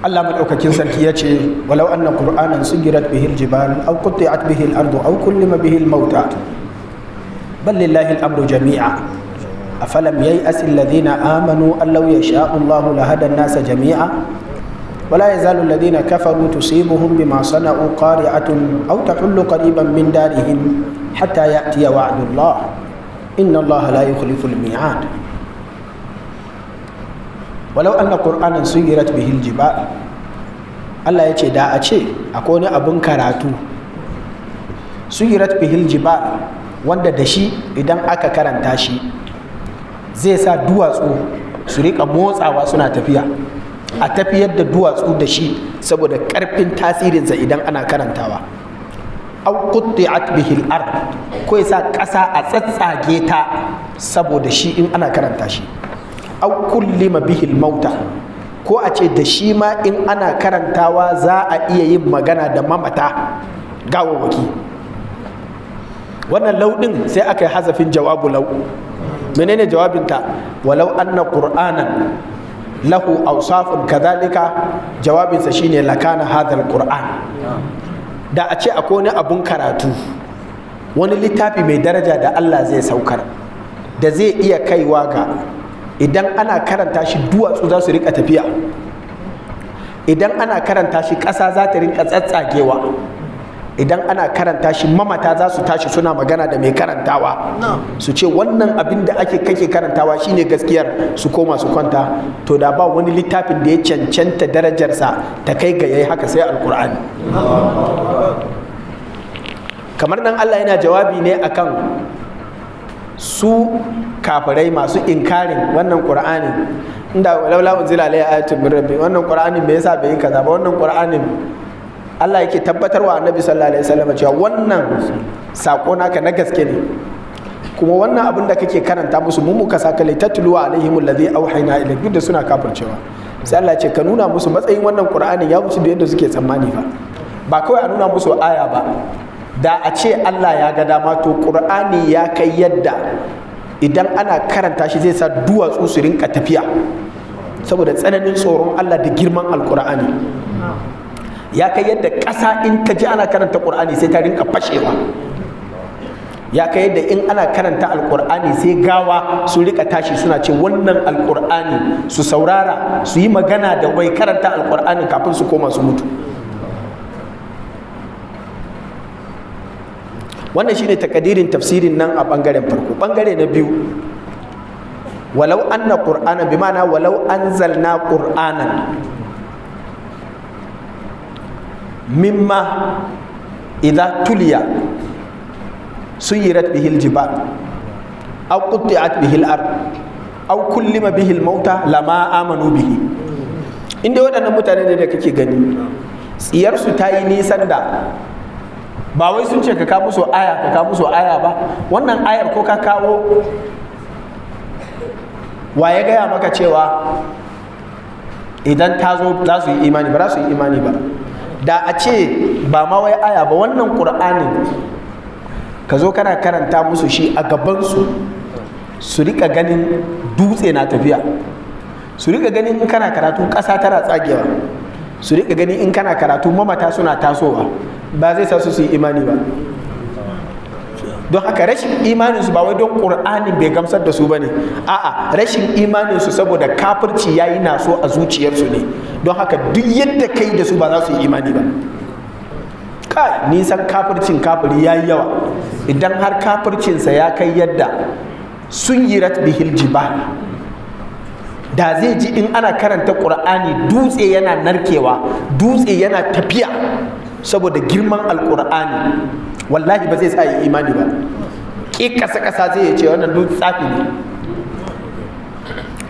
B: الله مدعوككين سنكياتي ولو أن قرآنا سجرت به الجبال أو قطعت به الأرض
A: أو كلم به الموتى بل لله الأمر جميعا أفلم ييأس الذين آمنوا أن لو يشاء الله لهدى الناس جميعا ولا يزال الذين كفروا تصيبهم بما صنعوا قارعة أو تحل قريبا من دارهم حتى يأتي وعد الله إن الله لا يخلف الميعاد walau anna qur'anan suyirat bihil jibal Allah ya ce da a ce akwai wani abin karatu suyirat bihil ba wanda da shi idan aka karanta shi zai sa duwatsu su riƙa motsawa suna tafiya a tafiyar da duwatsu da shi saboda ƙarfin tasirinsa idan ana karantawa au qutti'at bihil ard ko yasa ƙasa a tsatsage ta saboda shi in ana karanta shi au bihil mauta ko a ce da shi ma in ana karantawa za a iya yin magana da mamata gawawaki wannan lauɗin sai aka yi hazafin jawabu lau menene jawabinta walau anna qur'anan lahu awsafun kadhalika jawabinsa shine lakana hadhal qur'an da a ce akwai wani abun karatu wani littafi mai daraja da Allah zai saukar da zai iya kaiwa ga idan ana karanta shi duwatsu za su rika tafiya idan ana karanta shi ƙasa za ta rinka tsatsagewa idan ana karanta shi mamata za su tashi suna magana da mai karantawa su ce wannan abin da ake kake karantawa shine gaskiyar su koma su kwanta to da ba wani littafin da ya cancanta darajarsa ta kai ga yayi haka sai alkur'ani kamar nan allah yana jawabi ne akan su kafirai masu inkarin wannan qur'ani inda laula unzila alayhi min rabbi wannan qur'ani me yasa bai yi kaza ba wannan qur'ani Allah yake wa annabi sallallahu alaihi wasallam cewa wannan sako naka na gaske ne kuma wannan abin da kake karanta musu mu muka saka lai tatluwa alaihim alladhi auhayna ilayk duk da suna kafircewa sai Allah ce ka nuna musu matsayin wannan qur'anin ya wuce da yadda suke tsammani fa ba kawai a nuna musu aya ba da a ce Allah ya ga dama to ƙur'ani ya kai yadda idan ana karanta shi zai sa duwatsu su rinka tafiya saboda tsananin tsoron Allah da girman alƙur'ani ya kai yadda ƙasa in ka ji ana karanta ƙur'ani sai ta rinka fashewa ya kai yadda in ana karanta alƙur'ani sai gawa su rika tashi suna ce wannan alƙur'ani su saurara su yi magana da wai karanta alƙur'ani kafin su koma su mutu wannan shine takadirin tafsirin nan a bangaren farko bangare na biyu walau anna ƙur'ana bi ma'ana walau anzalna qur'anan mimma idza tuliya suyirat bihil jibal aw qutti'at bihil ard aw kullima bihil mauta lama amanu bihi inda waɗannan mutane ne da kake gani tsiyarsu ta yi nisan da ba wai sun ce ka kawo musu aya ka kawo musu aya ba wannan ayar ko ka kawo wa ya gaya maka cewa idan ta zo za su yi imani ba za su yi imani ba da a ce ba ma wai aya ba wannan ƙur'ani ka zo kana karanta musu shi a gabansu su rika ganin dutse na tafiya su rika ganin in kana karatu ƙasa tana tsagewa su rika gani in kana karatu mamata suna tasowa ba zai sa su su yi imani ba don haka rashin imanin su ba wai don ƙur'anin bai gamsar da su bane a'a rashin imanin su saboda kafirci yayi na so a zuciyarsu ne don haka duk yadda kai da su ba za su yi imani ba kai nisan kafircin kafiri yayi yawa idan har kafircinsa ya kai yadda sun yi rat bihil jibal da zai ji in ana karanta ƙur'ani dutse yana narkewa dutse yana tafiya saboda girman alƙur'ani wallahi ba zai sa imani ba ƙi ƙasa ƙasa zai ce wannan dutse tsafi ne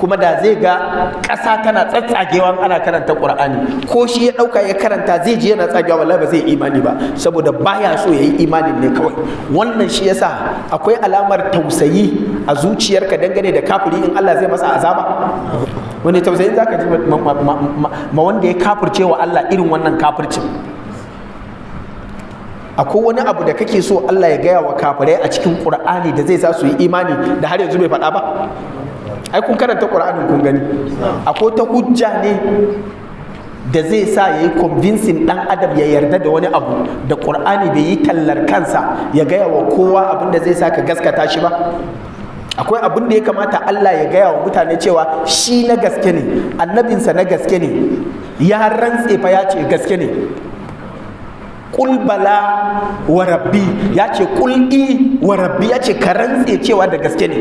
A: kuma da zai ga ƙasa tana tsatsagewa ana karanta Qur'ani ko shi ya ɗauka ya karanta zai ji yana tsagewa wallahi ba zai imani ba saboda baya so ya yi imanin ne kawai wannan shi yasa akwai alamar tausayi a zuciyarka dangane da kafiri in Allah zai masa azaba wani tausayin zaka ji ma wanda ya kafirce wa Allah irin wannan kafircin akwai wani abu da kake so Allah ya gaya wa kafirai a cikin ƙur'ani da zai sa su yi imani da har yanzu bai faɗa ba ai kun karanta qur'anin kun gani akwai ta hujja ne da zai sa ya yi convincing ɗan adam ya yarda da wani abu da ƙura'ani bai yi tallar kansa ya gaya wa kowa abin da zai sa ka gaskata shi ba akwai abin da ya kamata Allah ya gaya wa mutane cewa shi na gaske ne annabinsa na gaske ne ya rantse fa ya ce gaske ne Kulbala wa rabbi ya ce wa rabbi ya ce ka rantse cewa da gaske ne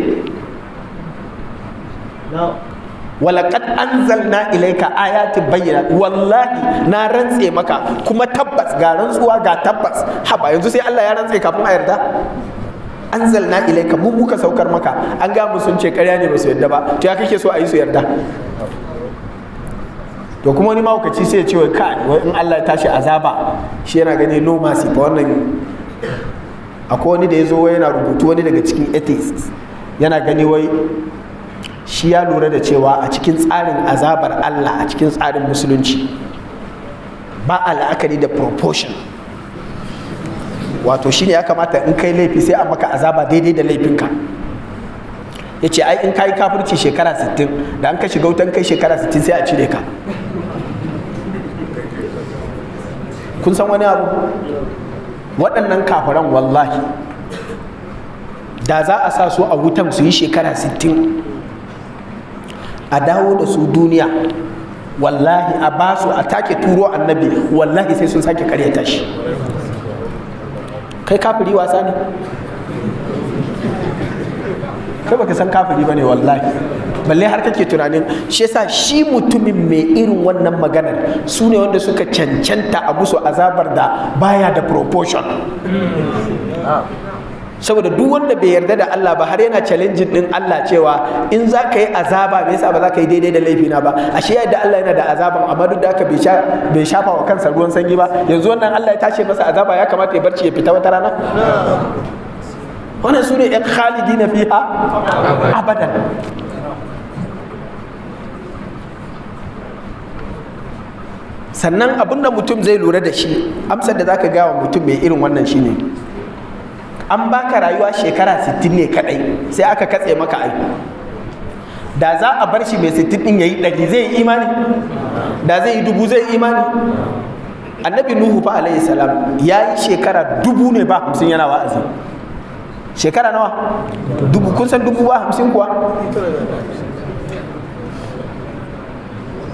A: an zalna ilaika ayati bayyana. wallahi na rantse maka kuma tabbas ga rantsuwa ga tabbas haba yanzu sai Allah ya rantse kafin a yarda zalna ilaika mun muka saukar maka an ga sun ce ƙarya ne ba su yarda ba to ya kake so a yi su yarda to kuma wani mahaukaci sai ya ce wai kai wai in Allah ya tashi azaba shi yana gani no mercy fa wannan akwai wani da ya zo yana rubutu wani daga cikin atheists yana gani wai shi ya lura da cewa a cikin tsarin azabar Allah a cikin tsarin musulunci ba a la'akari da proportion wato shine ya kamata in kai laifi sai a maka azaba daidai da laifinka ya ce ai in kayi kafirci shekara 60 da an ka shiga wutan kai shekara 60 sai a cire ka kun san wani abu waɗannan kafiran wallahi da za a sa su a wutan su yi shekara 60 a dawo da su duniya wallahi a ba su a take turo annabi wallahi sai sun sake karya tashi. kai kafiri wasa ne kai baka san kafiri ba ne, wallahi balle har kake tunanin shi yasa shi mutumin mai irin wannan maganar su ne wanda suka cancanta a musu azabar da baya da proportion saboda duk wanda bai yarda da Allah ba har yana challenging din Allah cewa in za ka yi azaba me yasa ba za ka yi daidai da laifina ba ashe yadda Allah yana da azaban amma duk da aka bai shafa wa kansa ruwan sanyi ba yanzu wannan Allah ya tashi masa azaba ya kamata ya barci ya fita wata rana wannan sune yan khalidina fiha abadan sannan abinda mutum zai lura da shi amsar da zaka ga wa mutum mai irin wannan ne. an baka rayuwa shekara 60 ne kadai sai aka katse maka ai da za a bar shi mai 60 din yayi dari zai yi imani da zai yi dubu zai yi imani annabi nuhu fa alaihi salam ya yi shekara dubu ne ba hamsin yana wa'azi shekara nawa dubu kun san dubu ba hamsin kuwa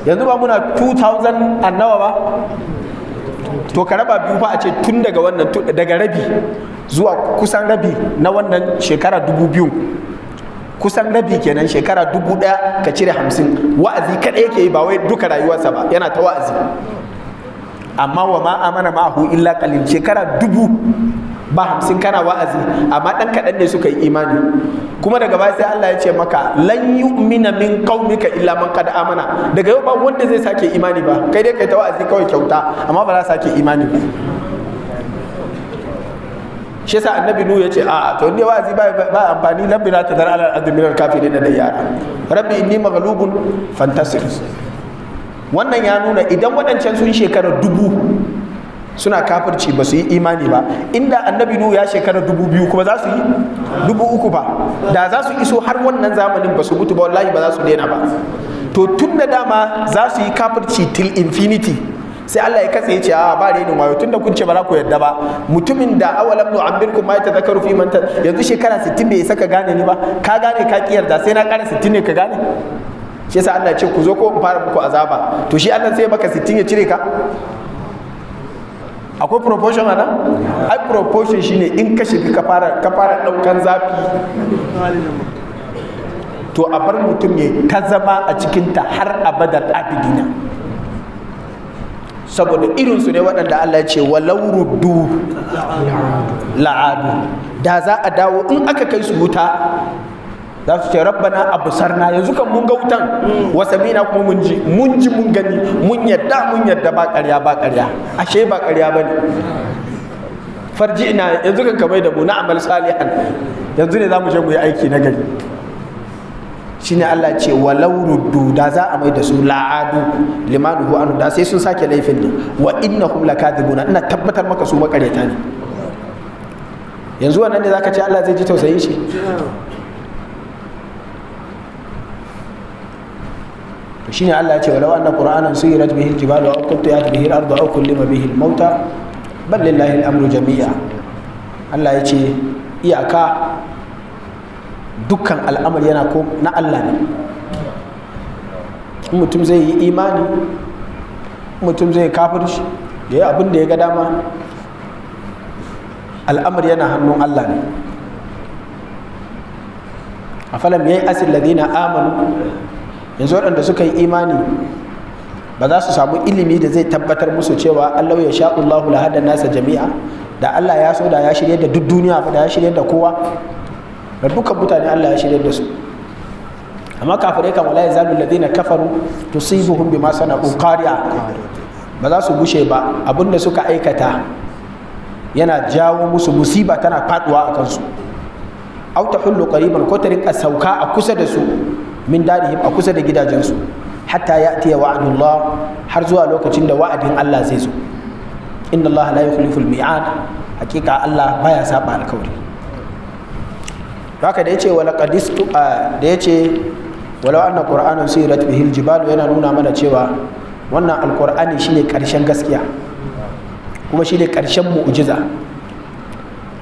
A: yanzu ba muna 2000 annawa ba to ka raba biyu fa a ce tun daga wannan daga rabi zuwa kusan rabi na wannan shekara dubu biyu kusan rabi kenan shekara dubu ɗaya ka cire hamsin wa'azi kaɗai yake yi ba wai duka rayuwarsa ba yana ta wa'azi amma wa ma amana ma'ahu illa kalil shekara dubu ba hamsin kana wa'azi amma dan kaɗan ne suka yi imani kuma daga baya sai Allah ya ce maka lan yu'mina min qaumika illa man qad amana daga yau ba wanda zai sake imani ba kai dai kai ta wa'azi kawai kyauta amma ba za sake imani ba shi yasa annabi nu ya ce a to ne wa'azi ba ba amfani labbi la tadar ala al-admirar kafirin da yara rabbi inni maghlubun fantasir wannan ya nuna idan waɗancan sun shekara dubu suna kafirci ba su yi imani ba inda annabi nuhu ya shekara dubu biyu kuma za su yi dubu uku ba da za su iso har wannan zamanin ba su mutu ba wallahi ba za su daina ba to tun da dama za su yi kafirci till infinity sai Allah ya katse ya ce a ba renin tun da kun ce ba za ku yarda ba mutumin da awalam nu ambirkum ma yatazakkaru fi manta yanzu shekara sittin bai saka gane ni ba ka gane ka kiyarda sai na kara 60 ne ka gane shi yasa Allah ya ce ku zo ko in fara muku azaba to shi Allah sai maka 60 ya cire ka akwai proportion ana ai proportion shine in kashe shiga ka fara ɗaukan daukan zafi to a bar mutum ya ta zama a cikinta har abadan abidina saboda irinsu ne waɗanda Allah ya ce walau ruddu la'adu da za a dawo in aka kai su wuta za su ce rabbana absarna yanzu kan mun ga wutan hmm. wasa mina kuma mun ji mun ji mun gani mun yadda mun yadda ba ƙarya ba ƙarya ashe ba ƙarya bane farji ina yanzu kan kamar da mu na amal salihan yanzu ne za mu je mu yi aiki na gari shine Allah ce walau ruddu da za a mai da su la'adu limanuhu anu da sai sun sake laifin ne wa innahum lakadibuna ina tabbatar maka su maƙaryata ne yanzu wannan ne zaka ce Allah zai ji tausayin shi hmm. shine Allah ya ce walau anna qur'anan suyirat bihi al-jibalu aw quttiyat bihi al-ardu aw kullima bihi al-mauta bal lillahi al-amru jami'a Allah ya ce iyaka dukkan al'amari yana ko na Allah ne mutum zai yi imani mutum zai kafirci ya yi abin da ya ga dama al'amari yana hannun Allah ne a falam ya yi asil ladina amanu yanzu waɗanda suka yi imani ba za su samu ilimi da zai tabbatar musu cewa Allah ya sha Allahu nasa jami'a da Allah ya so da ya shirya da duk duniya da ya shirya da kowa da dukkan mutane Allah ya shirya da su amma kafirai kan wala yazalu alladhina kafaru tusibuhum bima sana'u qari'a ba za su gushe ba abinda suka aikata yana jawo musu musiba tana faduwa a kansu au tahullu qariban ko ta rinka sauka a kusa da su min darihim a kusa da gidajensu hatta ya tiya wa'adullah har zuwa lokacin da wa'adin Allah zai zo inna Allah la yukhlifu al-mi'ad hakika Allah baya saba alkawari haka da yace wala qadistu da yace walau anna qur'ana sirat bihi al-jibal yana nuna mana cewa wannan alqur'ani shine karshen gaskiya kuma shine karshen mu'jiza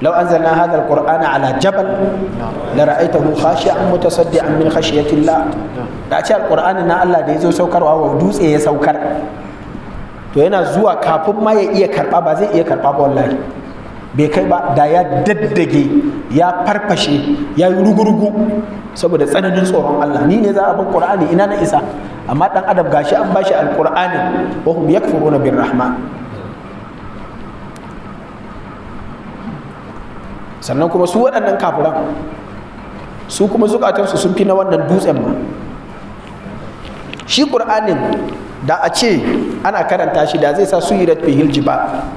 A: لو أنزلنا هذا القرآن على جبل لرأيته خاشعا متصدعا من خشية الله da ce alƙur'ani na Allah da ya zo saukarwa wa dutse ya saukar to yana zuwa kafin ma ya iya karɓa ba zai iya karɓa ba wallahi bai kai ba da ya daddage ya farfashe ya yi rugurugu saboda tsananin tsoron Allah ni ne za a bin Qur'ani ina na isa amma dan adam gashi an bashi alqur'ani wa hum yakfuruna birrahman sannan kuma su waɗannan kafiran su kuma zukatansu sun fi na wannan dutsen ma shi ƙur'anin da a ce ana karanta shi da zai sa su yi hilji ba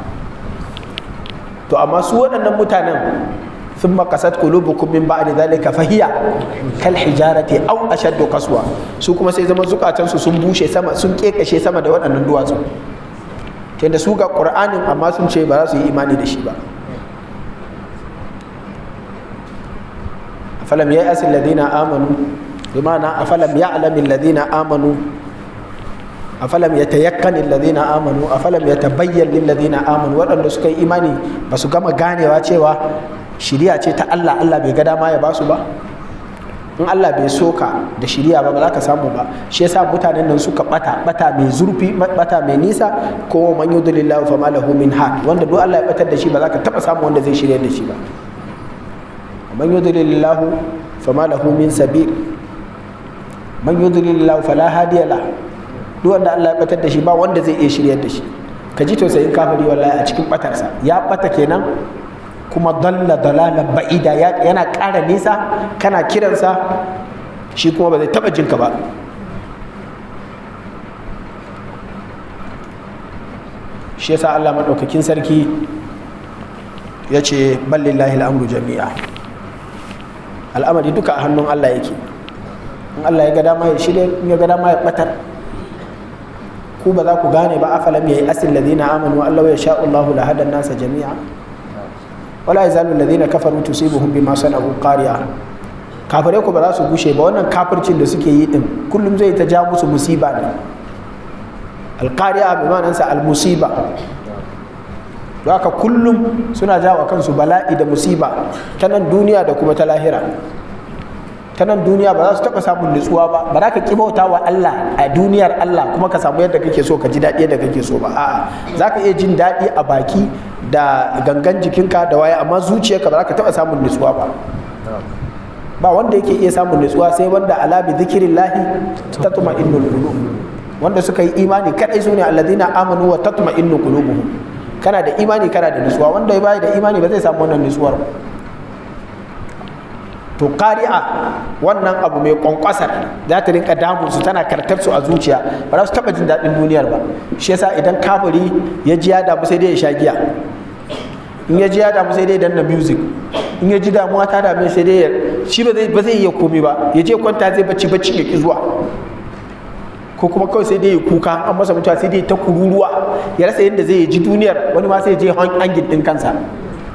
A: to amma su waɗannan mutanen sun makasat bukumin min zane ka fahiya kal hijarati au ashaddu kaswa su kuma sai zama zukatansu sun bushe sama sun kekashe sama da waɗannan duwatsu tunda su ga ƙur'anin amma sun ce ba za su yi imani da shi ba afalam ya asil ladina amanu bimana afalam ya'lam Ladina amanu afalam yatayakkan Ladina amanu afalam yatabayyan Ladina amanu waɗanda suka yi imani ba su gama ganewa cewa shiriya ce ta Allah Allah bai gada dama ya basu ba in Allah bai so ka da shiriya ba ba za ka samu ba shi yasa mutanen nan suka bata bata mai zurfi bata mai nisa ko man yudlillahu fama lahu min had wanda duk Allah ya batar da shi ba za ka taba samu wanda zai shirya da shi ba من يضلل الله فما له من سبيل man yudlil lahu fala hadiya la duk wanda Allah ya batar da shi ba wanda zai iya shiryar da shi ka ji tausayin kafiri wallahi a cikin batarsa ya bata kenan kuma dalla dalalan ba'ida yana ƙara nisa kana kiransa shi kuma ba zai taba jinka ba shi yasa Allah maɗaukakin sarki ya ce ballillahi al'amru jami'a al'amari duka a hannun Allah yake in Allah ya ga dama ya shirya in ya ga dama ya batar ku ba za ku gane ba a falam yayi asil ladina amanu Allah ya sha Allahu la hadan nasa jami'a wala yazalu ladina kafaru tusibuhum bima sanu qariya kafare ku ba za su gushe ba wannan kafircin da suke yi din kullum zai ta ja musu musiba ne qariya bi al almusiba don haka kullum suna jawo kansu bala'i da musiba ta nan duniya da kuma ta lahira ta nan duniya ba za su taɓa samun nutsuwa ba ba za ka ƙi wa Allah a duniyar Allah kuma ka samu yadda kake so ka ji daɗi yadda kake so ba a'a za ka iya jin daɗi a baki da gangan jikinka da waye amma zuciyarka ba za ka taba samun nutsuwa ba ba wanda yake iya samun nutsuwa sai wanda ala bi zikirillahi tatma'innul qulub wanda suka yi imani kadai sune alladhina amanu wa tatma'innu qulubuhum kana da imani kana da nutsuwa wanda ya bayi da imani ba zai samu wannan nutsuwar to kari'a wannan abu mai kwankwasar za ta rinka damun su tana kartar su a zuciya ba za su taba jin daɗin duniyar ba shi yasa idan kafiri ya ji ya damu sai dai ya sha giya in ya ji ya damu sai dai danna music in ya ji damuwa ta damu sai dai shi ba zai iya komi ba ya je kwanta zai bacci bacci ya ki zuwa ko kuma kawai sai dai ya kuka an masa mutuwa sai dai ta kururuwa ya rasa yadda zai ji duniyar wani ma sai je hangin din kansa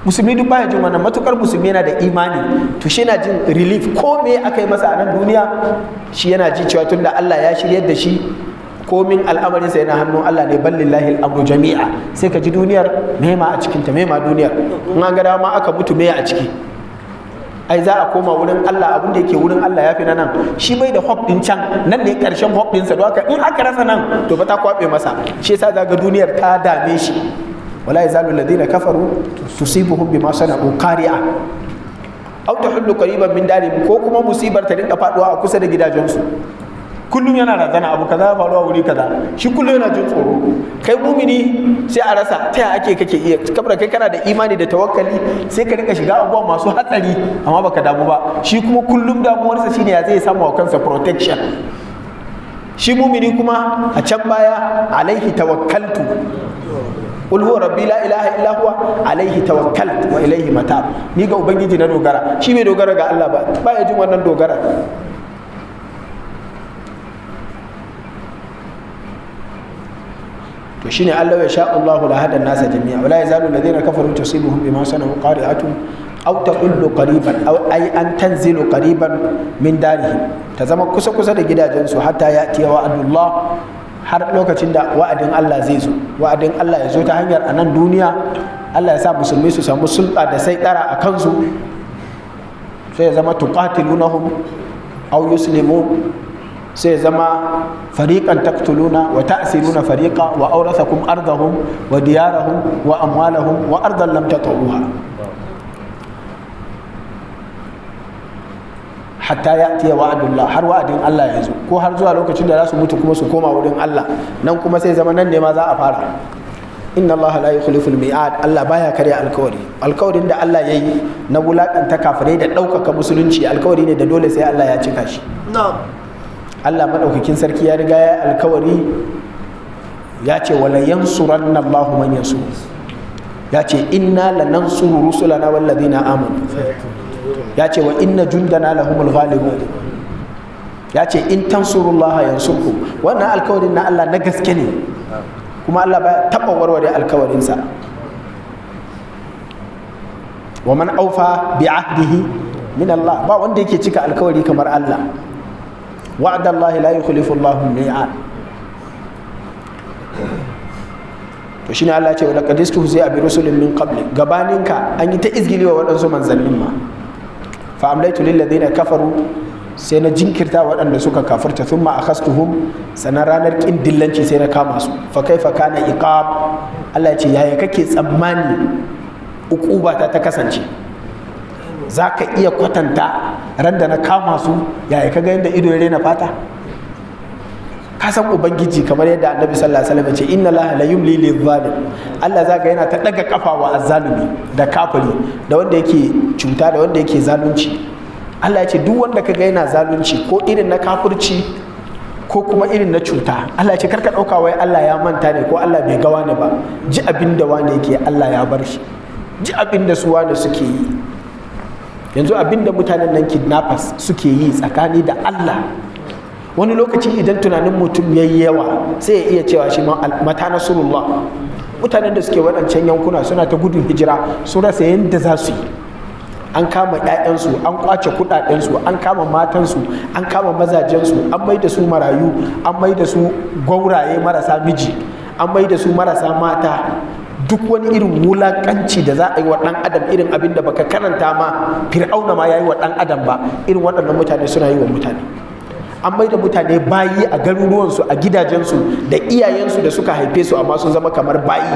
A: musulmi duk baya jin wannan matukar musulmi yana da imani to shi yana jin relief ko me aka yi masa a nan duniya shi yana ji cewa tunda Allah ya shiryar da shi komin al'amarinsa yana hannun Allah ne ballillahi al'amru jami'a sai ka ji duniyar mema a cikinta mema duniyar in an ga dama aka mutu me a ciki ai za a koma wurin Allah abin da yake wurin Allah ya fi na nan shi bai da hop din can nan ne karshen hop din sa don in aka rasa nan to ba ta kwabe masa shi yasa zaga duniyar ta dame shi wala yazalu alladhina kafaru tusibuhum bima sana'u qari'a aw tahullu qariban min darihim ko kuma musibar ta dinka faduwa a kusa da gidajensu kullum yana razana abu kaza ya faru a wuri kaza shi kullum yana jin tsoro kai mumini sai a rasa ta ake kake iya kabra kai kana da imani da tawakkali sai ka rinka shiga abubuwa masu hatsari amma baka damu ba shi kuma kullum damuwarsa shine ya zai samu wa kansa protection shi mumini kuma a can baya alaihi tawakkaltu qul huwa rabbi la ilaha illa huwa alaihi tawakkaltu wa ilaihi mata ni ga ubangiji na dogara shi bai dogara ga Allah ba ba ya jin wannan dogara to shine Allah ya sha Allahu la hada nasa jami'a wala yazalu alladhina kafaru tusibuhum bima sanu qari'atun aw taqullu qariban aw ay an tanzilu qariban min darihim ta zama kusa kusa da gidajensu hatta ya tiyawa adullah har lokacin da wa'adin Allah zai zo wa'adin Allah ya zo ta hanyar anan duniya Allah ya sa musulmi su samu sulta da sai tsara a kansu sai ya zama tuqatilunahum aw yuslimun sai zama fariƙan taktuluna wa ta'siruna fariƙa wa aurathakum ardahum wa diyarahum wa amwalahum wa ardan lam tatawuha hatta ya tiya wa'adullah har wa'adin Allah ya zo ko har zuwa lokacin da za su mutu kuma su koma wurin Allah nan kuma sai zama nan ne ma za a fara inna Allah la yukhliful mi'ad Allah baya karya alkawari alkawarin da Allah yayi na wulakanta kafirai da ɗaukaka musulunci alkawari ne da dole sai Allah ya cika shi na'am Allah maɗaukakin sarki ya riga ya alkawari ya ce wala yansuranna Allahu man yansur ya ce inna lanansuru rusulana wallazina amanu ya ce wa inna jundana lahumul ghalibun ya ce in tansurullaha yansurku wannan alkawarin na Allah na gaske ne kuma Allah ba taɓa warware alkawarinsa wa man aufa bi ahdihi min Allah ba wanda yake cika alkawari kamar Allah وعد الله لا يخلف الله الميعاد to shine Allah ce laqad istuhzi'a bi rusulin min qabli gabaninka an yi ta izgili wa waɗansu manzannin ma fa amlaitu lil ladina kafaru sai na jinkirta waɗanda suka kafirta thumma akhastuhum sanan ranar kin dillanci sai na kama su fa kaifa kana iqab Allah ce yaya kake tsammani uquba ta ta kasance za ka iya kwatanta ran da na kama su yaya ka ga yadda ido ya rena fata ka san ubangiji kamar yadda annabi sallallahu alaihi wasallam ya ce inna allaha la yumli lil zalim Allah zaka yana ta daga kafa wa azzalumi da kafiri da wanda yake cuta da wanda yake zalunci Allah ya ce duk wanda kaga yana zalunci ko irin na kafirci ko kuma irin na cuta Allah ya ce karka dauka wai Allah ya manta ne ko Allah bai ga wani ba ji abin wani yake Allah ya bar shi ji abinda da su wani suke yi yanzu abin da mutanen nan kidnappers suke yi tsakani da Allah wani lokaci idan tunanin mutum ya yi yawa sai ya iya cewa shi mata nasurullah mutanen da suke waɗancan yankuna suna ta gudun hijira su rasa yadda za su yi an kama 'ya'yansu an kwace kuɗaɗensu an kama matansu an kama mazajensu an mai da su marayu an mai da su gwauraye marasa miji an mai da su marasa mata duk wani irin wulakanci da za a yi wa ɗan adam irin abin da baka karanta ma fir'auna ma ya yi wa ɗan adam ba irin waɗannan mutane suna yi wa mutane an bai da mutane bayi a garuruwansu a gidajensu da iyayensu da suka haife su amma sun zama kamar bayi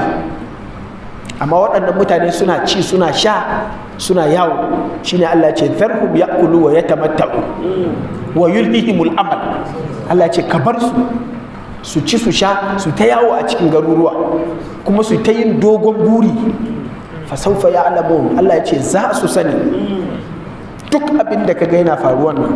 A: amma waɗannan mutane suna ci suna sha suna yawo shine Allah ce zarhum ya'kulu wa yatamatta'u wa yulhihimul amal Allah ce ka bar su su ci su sha su ta yawo a cikin garuruwa kuma su ta yin dogon buri saufa ya alamun Allah ya ce za su sani duk abin da ga yana faruwan nan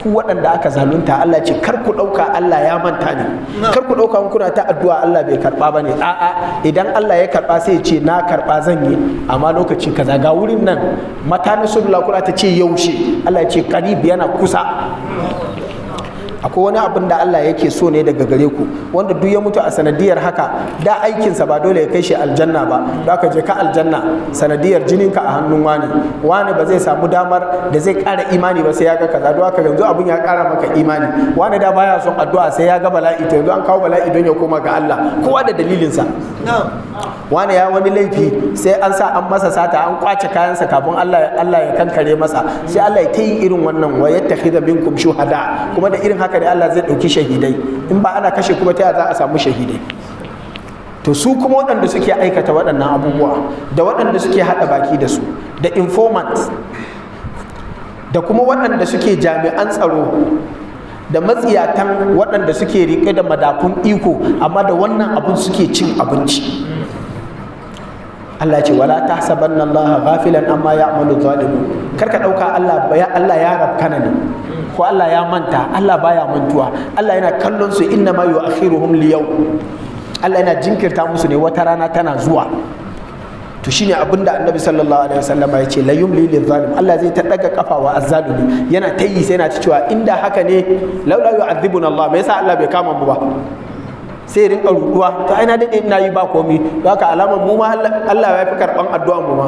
A: ku waɗanda aka zalunta Allah ce kar ku ɗauka Allah ya manta ne kar ku ɗauka kuna ta addu'a Allah bai karɓa ba ne a'a idan Allah ya karɓa sai ya ce na karɓa zan yi amma lokaci kaza ga wurin nan mata na sulla kula ta ce yaushe Allah ya ce qarib yana kusa akwai wani abin da Allah yake so ne daga gare ku wanda duk ya mutu a sanadiyar haka da aikinsa ba dole ya kai shi aljanna ba da ka je ka aljanna sanadiyar jinin ka a hannun wani wani ba zai samu damar da zai kara imani ba sai ya ga kaza don haka yanzu abin ya kara maka imani wani da baya son addu'a sai ya ga bala'i to yanzu an kawo bala'i don ya koma ga Allah kowa da dalilinsa wani ya wani laifi sai an sa an masa sata an kwace kayansa kafin Allah Allah ya kankare masa sai Allah ya ta yi irin wannan wa yattakhidha minkum shuhada kuma da irin haka haka ne Allah zai ɗauki shahidai in ba ana kashe kuma ta za a samu shahidai to su kuma waɗanda suke aikata waɗannan abubuwa da waɗanda suke haɗa baki da su da informant da kuma waɗanda suke jami'an tsaro da matsiyatan waɗanda suke riƙe da madafun iko amma da wannan abun suke cin abinci Allah ce wala ta saban Allah gafilan amma ya amalu zalimu karka ɗauka Allah ya Allah ya rabkana ne ko Allah ya manta Allah baya mantuwa Allah yana kallon su inna ma yu'akhiruhum liyau Allah yana jinkirta musu ne wata rana tana zuwa to shine abin da annabi sallallahu alaihi wasallam ya ce la yumli lil zalim Allah zai ta daga kafa wa azzalimi yana tayi yi sai yana ta cewa inda haka ne laula yu'adhibuna Allah me yasa Allah bai kama mu ba sai rinka ruduwa to ai na dade ina yi ba komai ba haka alamar mu ma Allah ya fi karban addu'a mu ma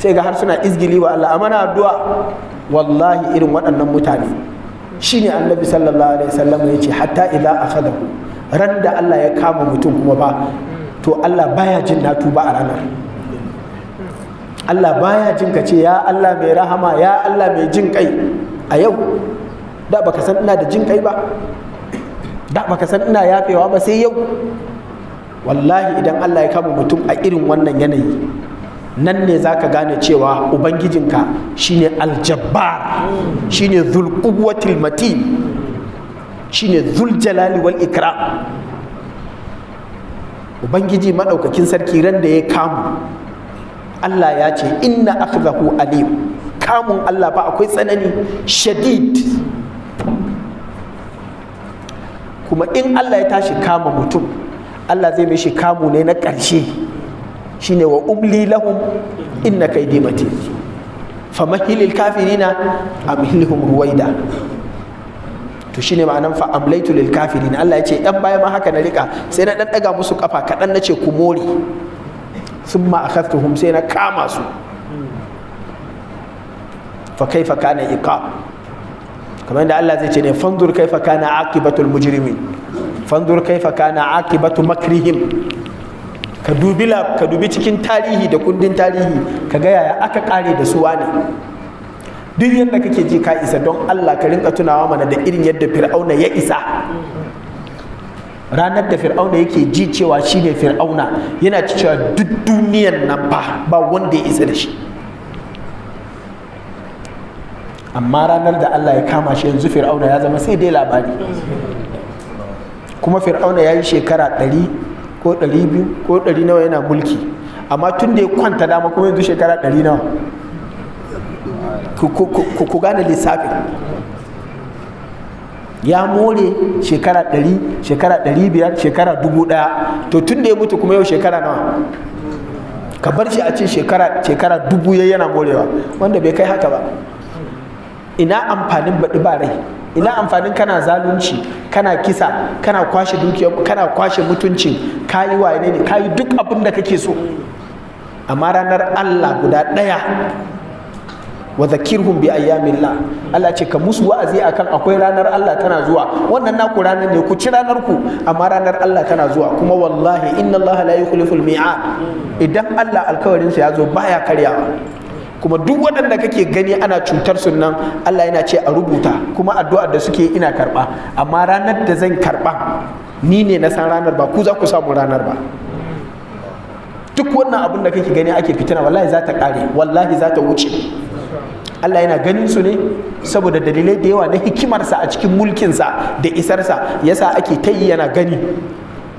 A: sai ga har suna izgili wa Allah amana addu'a wallahi irin waɗannan mutane shine annabi sallallahu alaihi wasallam ya ce hatta idza akhadahu ran da Allah ya kama mutum kuma ba to Allah baya jin na tuba a ranar Allah baya jin ka ce ya Allah mai rahama ya Allah mai jin kai a yau da baka san ina da jin kai ba da baka san ina yafewa ba sai yau wallahi idan Allah ya kama mutum a irin wannan yanayi nan ne za ka gane cewa ubangijinka shine aljabbar shine zulquwwatil matin shine zuljalali wal ikram ubangiji maɗaukakin sarki ran da ya kamu Allah ya ce inna akhdahu alim kamun Allah ba akwai tsanani shadid kuma in Allah ya tashi kama mutum Allah zai mai shi kamu ne na ƙarshe shine wa ubli lahum inna kaidi matin famahilil kafirina amhilhum ruwaida to shine ma'anan fa amlaitu lil kafirin Allah yace ce dan baya ma haka na rika sai na dan daga musu kafa kadan nace ce ku more thumma akhadtuhum sai na kama su fa kaifa kana iqab kamar yadda Allah zai ce ne fandur kaifa kana aqibatul mujrimin fandur kaifa kana aqibatu makrihim ka dubi ka dubi cikin tarihi da kundin tarihi ka ga yaya aka kare da su wane duk yadda kake ji ka isa don Allah ka rinka tunawa mana da irin yadda fir'auna ya isa ranar da fir'auna yake ji cewa shine fir'auna yana cewa duk duniyan nan ba ba wanda ya isa da shi amma ranar da Allah ya kama shi yanzu fir'auna ya zama sai dai labari kuma fir'auna ya yi shekara ɗari ko ɗari biyu ko ɗari nawa yana mulki amma tun da ya kwanta dama kuma yanzu shekara ɗari nawa ku gane lissafin ya more shekara ɗari shekara ɗari biyar shekara dubu ɗaya to tun da ya mutu kuma yau shekara nawa ka bar shi a ce shekara shekara dubu ya yana morewa wanda bai kai haka ba ina amfanin baɗi ba rai ina amfanin kana zalunci kana kisa kana kwashe mutunci kana kwashe kayi waye ne kayi duk abin da kake so amma ranar Allah guda ɗaya wa zakirhum bi ayyamillah Allah ce ka musu wa'azi akan akwai ranar Allah tana zuwa wannan naku ranar ne ku ci ranar ku amma ranar Allah tana zuwa kuma wallahi inna Allah la yukhliful mi'ad idan Allah alkawarin sa ya zo baya karyawa kuma duk waɗanda kake gani ana cutar su nan Allah yana ce a rubuta kuma addu'ar da suke ina karɓa amma ranar da zan karɓa ni ne na san ranar ba ku za ku samu ranar ba duk wannan abin da kake gani ake fitina wallahi za ta ƙare wallahi za ta wuce Allah yana ganin su ne saboda dalilai da yawa na hikimarsa a cikin mulkinsa da isarsa yasa ake ta yi yana gani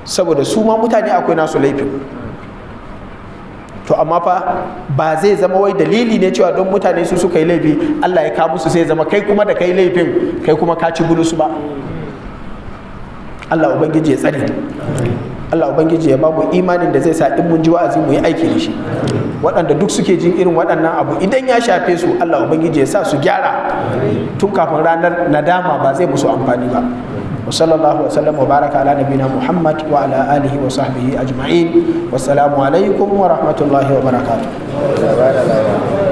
A: saboda su ma mutane akwai nasu laifin to amma fa ba zai zama wai dalili ne cewa don mutane su suka yi laifi Allah ya kawo musu sai zama kai kuma da kai laifin kai kuma ka ci bulus ba Allah ubangiji ya tsare Allah ubangiji ya babu imanin da zai sa in mun ji wa'azi mu yi aiki da shi waɗanda duk suke jin irin waɗannan abu idan ya shafe su Allah ubangiji ya sa su gyara tun kafin ranar nadama ba zai musu amfani ba wa sallallahu wa wa baraka ala nabina muhammad wa ala alihi wa sahbihi ajma'in wassalamu alaikum wa rahmatullahi wa barakatuh